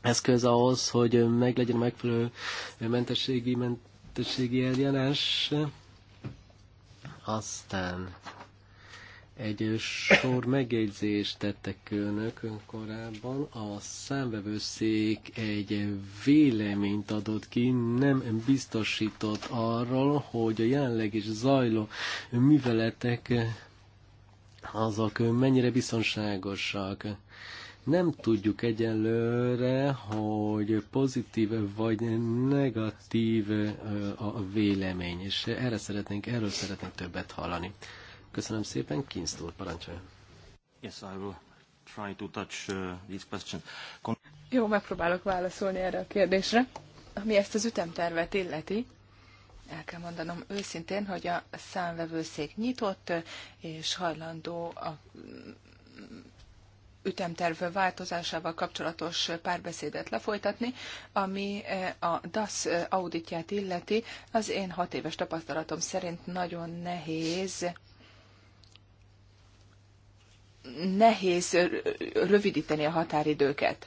eszköz ahhoz, hogy meglegyen megfelelő mentességi, mentességi eljárás. Aztán egy sor megjegyzést tettek önök korábban. A számvevőszék egy véleményt adott ki, nem biztosított arról, hogy a jelenleg is zajló műveletek azok mennyire biztonságosak. Nem tudjuk egyelőre, hogy pozitív vagy negatív a vélemény, és erre szeretnénk, erről szeretnénk többet hallani. Köszönöm szépen, Kinsztól parancsoljon. Yes, I will try to touch uh, these questions. Con- Jó, megpróbálok válaszolni erre a kérdésre. Ami ezt az ütemtervet illeti, el kell mondanom őszintén, hogy a számvevőszék nyitott és hajlandó a mm, ütemterv változásával kapcsolatos párbeszédet lefolytatni, ami e, a DAS auditját illeti. Az én hat éves tapasztalatom szerint nagyon nehéz nehéz rövidíteni a határidőket.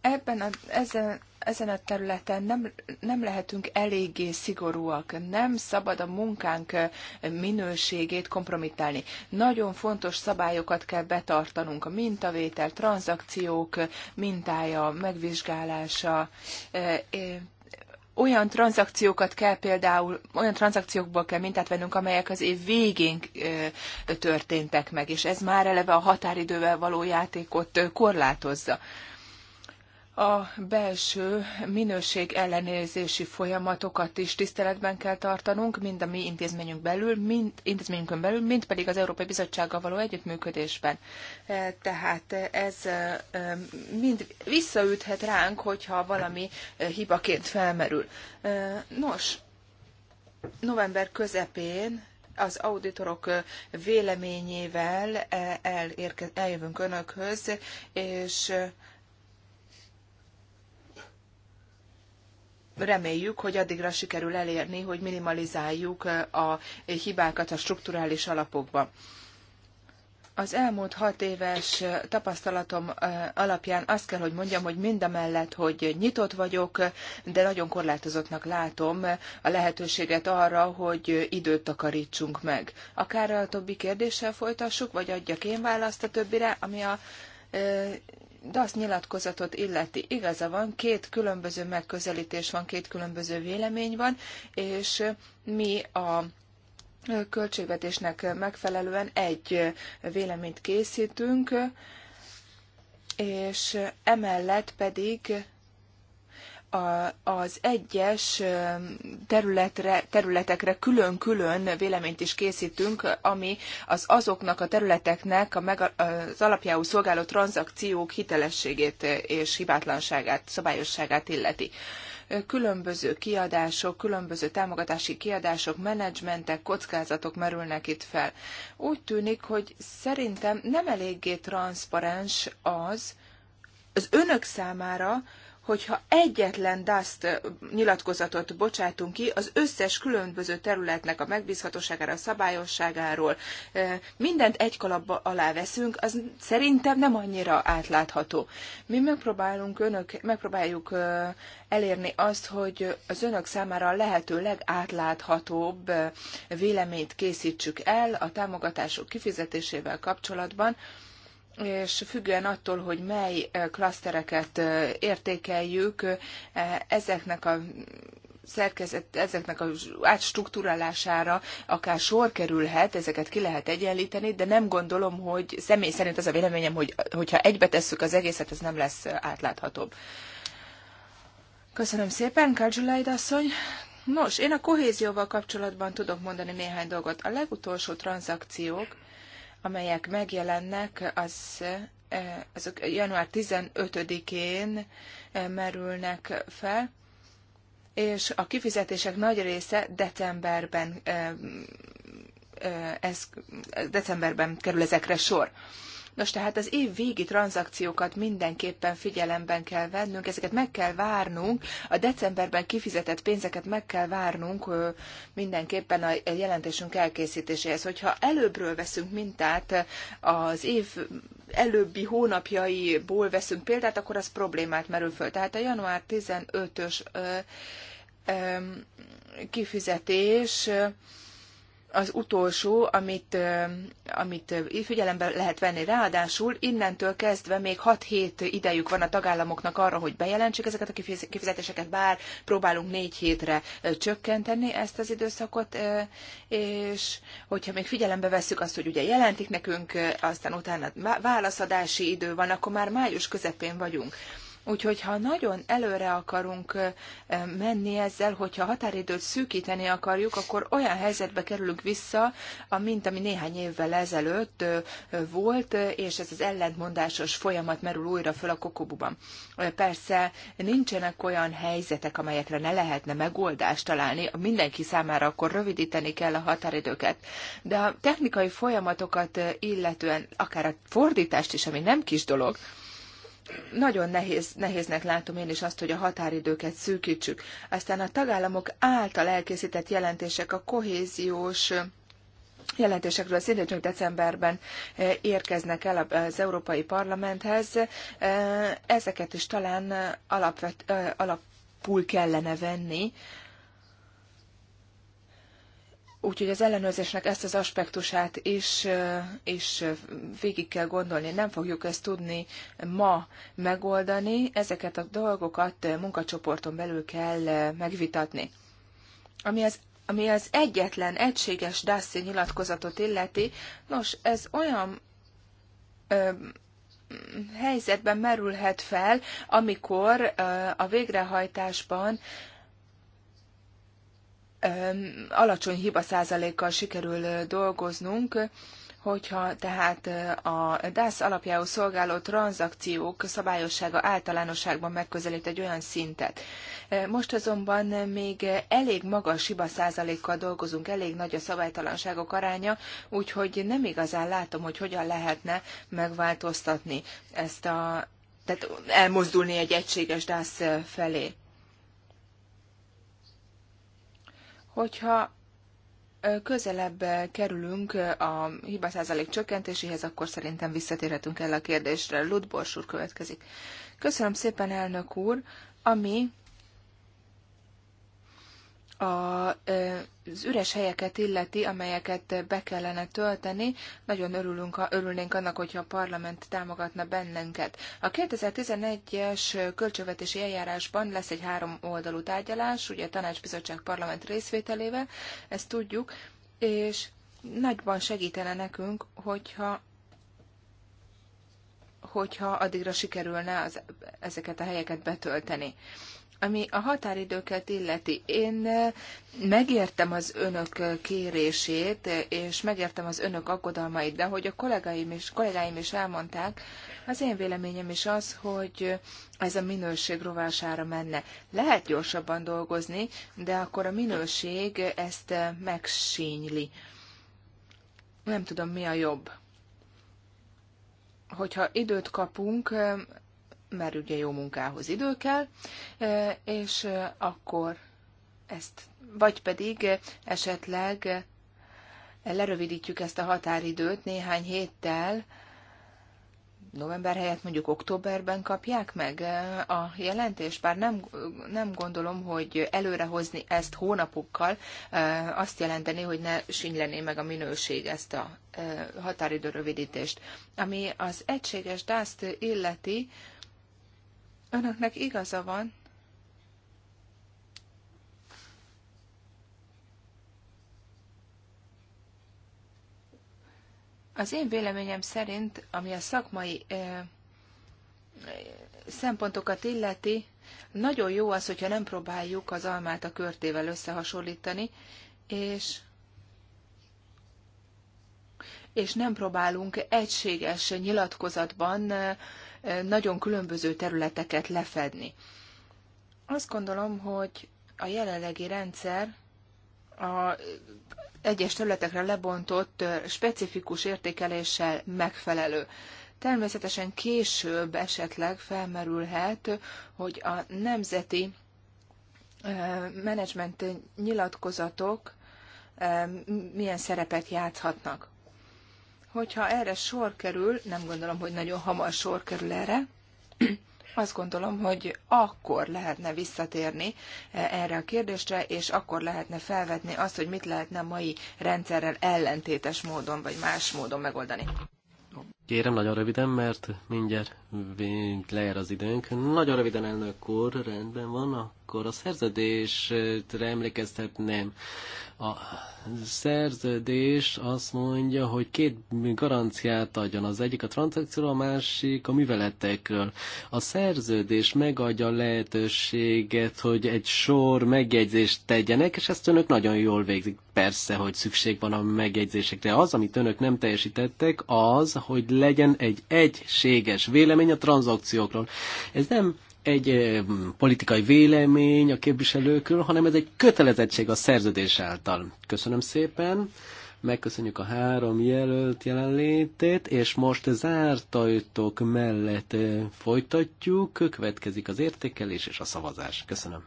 Ebben a, ezen, ezen a területen nem, nem lehetünk eléggé szigorúak, nem szabad a munkánk minőségét kompromittálni. Nagyon fontos szabályokat kell betartanunk, a mintavétel, tranzakciók mintája, megvizsgálása, olyan tranzakciókat kell például, olyan tranzakciókból kell mintát vennünk, amelyek az év végén történtek meg, és ez már eleve a határidővel való játékot korlátozza a belső minőség ellenőrzési folyamatokat is tiszteletben kell tartanunk, mind a mi intézményünk belül, mind, intézményünkön belül, mind pedig az Európai Bizottsággal való együttműködésben. E, tehát ez e, mind visszaüthet ránk, hogyha valami e, hibaként felmerül. Nos, november közepén az auditorok véleményével elérke, eljövünk Önökhöz, és reméljük, hogy addigra sikerül elérni, hogy minimalizáljuk eh, a hibákat a strukturális alapokban. Az elmúlt hat éves eh, tapasztalatom eh, alapján azt kell, hogy mondjam, hogy mindamellett, hogy nyitott vagyok, de nagyon korlátozottnak látom a lehetőséget arra, hogy időt takarítsunk meg. Akár a többi kérdéssel folytassuk, vagy adjak én választ a többire, ami a DASZ nyilatkozatot illeti. Igaza van, két különböző megközelítés van, két különböző vélemény van, és mi a költségvetésnek megfelelően egy véleményt készítünk, és emellett pedig a, az egyes területre, területekre külön-külön véleményt is készítünk, ami az azoknak a területeknek a meg, az alapjául szolgáló tranzakciók hitelességét és hibátlanságát, szabályosságát illeti. Különböző kiadások, különböző támogatási kiadások, menedzsmentek, kockázatok merülnek itt fel. Úgy tűnik, hogy szerintem nem eléggé transzparens az, az önök számára, hogyha egyetlen DAST nyilatkozatot bocsátunk ki az összes különböző területnek a megbízhatóságára, a szabályosságáról, mindent egy kalapba alá veszünk, az szerintem nem annyira átlátható. Mi megpróbálunk önök, megpróbáljuk elérni azt, hogy az önök számára a lehető legátláthatóbb véleményt készítsük el a támogatások kifizetésével kapcsolatban, és függően attól, hogy mely klasztereket értékeljük, ezeknek a szerkezet, ezeknek az átstruktúrálására akár sor kerülhet, ezeket ki lehet egyenlíteni, de nem gondolom, hogy személy szerint az a véleményem, hogy hogyha egybe tesszük az egészet, ez nem lesz átláthatóbb. Köszönöm szépen, Kajulaid asszony. Nos, én a kohézióval kapcsolatban tudok mondani néhány dolgot. A legutolsó tranzakciók, amelyek megjelennek, az eh, azok január 15-én eh, merülnek fel, és a kifizetések nagy része decemberben, eh, ez, decemberben kerül ezekre sor. Nos, tehát az év végi tranzakciókat mindenképpen figyelemben kell vennünk, ezeket meg kell várnunk, a decemberben kifizetett pénzeket meg kell várnunk mindenképpen a jelentésünk elkészítéséhez. Hogyha előbbről veszünk mintát, az év előbbi hónapjaiból veszünk példát, akkor az problémát merül föl. Tehát a január 15-ös kifizetés az utolsó, amit, amit figyelembe lehet venni. Ráadásul innentől kezdve még 6-7 idejük van a tagállamoknak arra, hogy bejelentsék ezeket a kifizetéseket, bár próbálunk 4 hétre csökkenteni ezt az időszakot, és hogyha még figyelembe vesszük azt, hogy ugye jelentik nekünk, aztán utána válaszadási idő van, akkor már május közepén vagyunk. Úgyhogy ha nagyon előre akarunk menni ezzel, hogyha határidőt szűkíteni akarjuk, akkor olyan helyzetbe kerülünk vissza, mint ami néhány évvel ezelőtt volt, és ez az ellentmondásos folyamat merül újra föl a kokobuban. Persze nincsenek olyan helyzetek, amelyekre ne lehetne megoldást találni, mindenki számára akkor rövidíteni kell a határidőket. De a technikai folyamatokat illetően, akár a fordítást is, ami nem kis dolog, nagyon nehéz, nehéznek látom én is azt, hogy a határidőket szűkítsük. Aztán a tagállamok által elkészített jelentések a kohéziós jelentésekről szintén csak decemberben eh, érkeznek el az Európai Parlamenthez. Eh, ezeket is talán alapvet, eh, alapul kellene venni Úgyhogy az ellenőrzésnek ezt az aspektusát is, is végig kell gondolni. Nem fogjuk ezt tudni ma megoldani, ezeket a dolgokat munkacsoporton belül kell megvitatni. Ami az ami az egyetlen egységes Dassi nyilatkozatot illeti, nos, ez olyan ö, helyzetben merülhet fel, amikor a végrehajtásban alacsony hiba százalékkal sikerül dolgoznunk, hogyha tehát a DASZ alapjául szolgáló tranzakciók szabályossága általánosságban megközelít egy olyan szintet. Most azonban még elég magas hiba százalékkal dolgozunk, elég nagy a szabálytalanságok aránya, úgyhogy nem igazán látom, hogy hogyan lehetne megváltoztatni ezt a, tehát elmozdulni egy egységes DASZ felé. Hogyha közelebb kerülünk a hibaszázalék csökkentéséhez, akkor szerintem visszatérhetünk el a kérdésre. Ludborsúr következik. Köszönöm szépen, elnök úr, ami az üres helyeket illeti, amelyeket be kellene tölteni, nagyon örülünk, ha örülnénk annak, hogyha a parlament támogatna bennünket. A 2011-es költségvetési eljárásban lesz egy három oldalú tárgyalás, ugye a tanácsbizottság parlament részvételével, ezt tudjuk, és nagyban segítene nekünk, hogyha hogyha addigra sikerülne az, ezeket a helyeket betölteni. Ami a határidőket illeti, én megértem az önök kérését, és megértem az önök aggodalmait, de hogy a kollégáim is, kollégáim is elmondták, az én véleményem is az, hogy ez a minőség rovására menne. Lehet gyorsabban dolgozni, de akkor a minőség ezt megsínyli. Nem tudom, mi a jobb hogyha időt kapunk, mert ugye jó munkához idő kell, e, és e, akkor ezt, vagy pedig esetleg lerövidítjük ezt a határidőt néhány héttel, november helyett mondjuk októberben kapják meg e, a jelentést, bár nem, nem gondolom, hogy előrehozni ezt hónapokkal azt jelenteni, hogy ne sinylené meg a minőség ezt a határidő rövidítést. Ami az egységes dászt illeti, Önöknek igaza van, Az én véleményem szerint, ami a szakmai szempontokat illeti, nagyon jó az, hogyha nem próbáljuk az almát a körtével összehasonlítani, és, és nem próbálunk egységes nyilatkozatban nagyon különböző területeket lefedni. Azt gondolom, hogy a jelenlegi rendszer a egyes területekre lebontott specifikus értékeléssel megfelelő. Természetesen később esetleg felmerülhet, hogy a nemzeti menedzsment nyilatkozatok milyen szerepet játszhatnak hogyha erre sor kerül, nem gondolom, hogy nagyon hamar sor kerül erre, azt gondolom, hogy akkor lehetne visszatérni e, erre a kérdésre, és akkor lehetne felvetni azt, hogy mit lehetne a mai rendszerrel ellentétes módon vagy más módon megoldani. Kérem, nagyon röviden, mert mindjárt lejár az időnk. Nagyon röviden, elnök úr, rendben van, akkor a szerződésre nem? A szerződés azt mondja, hogy két garanciát adjon. Az egyik a tranzakció, a másik a műveletekről. A szerződés megadja a lehetőséget, hogy egy sor megjegyzést tegyenek, és ezt önök nagyon jól végzik. Persze, hogy szükség van a megjegyzésekre. Az, amit önök nem teljesítettek, az, hogy legyen egy egységes vélemény a tranzakciókról. Ez nem egy politikai vélemény a képviselőkről, hanem ez egy kötelezettség a szerződés által. Köszönöm szépen, megköszönjük a három jelölt jelenlétét, és most zárt ajtók mellett folytatjuk, következik az értékelés és a szavazás. Köszönöm.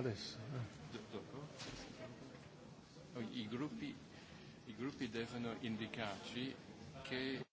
adesso. Dopo? Eh. I gruppi, I gruppi devono indicarci che...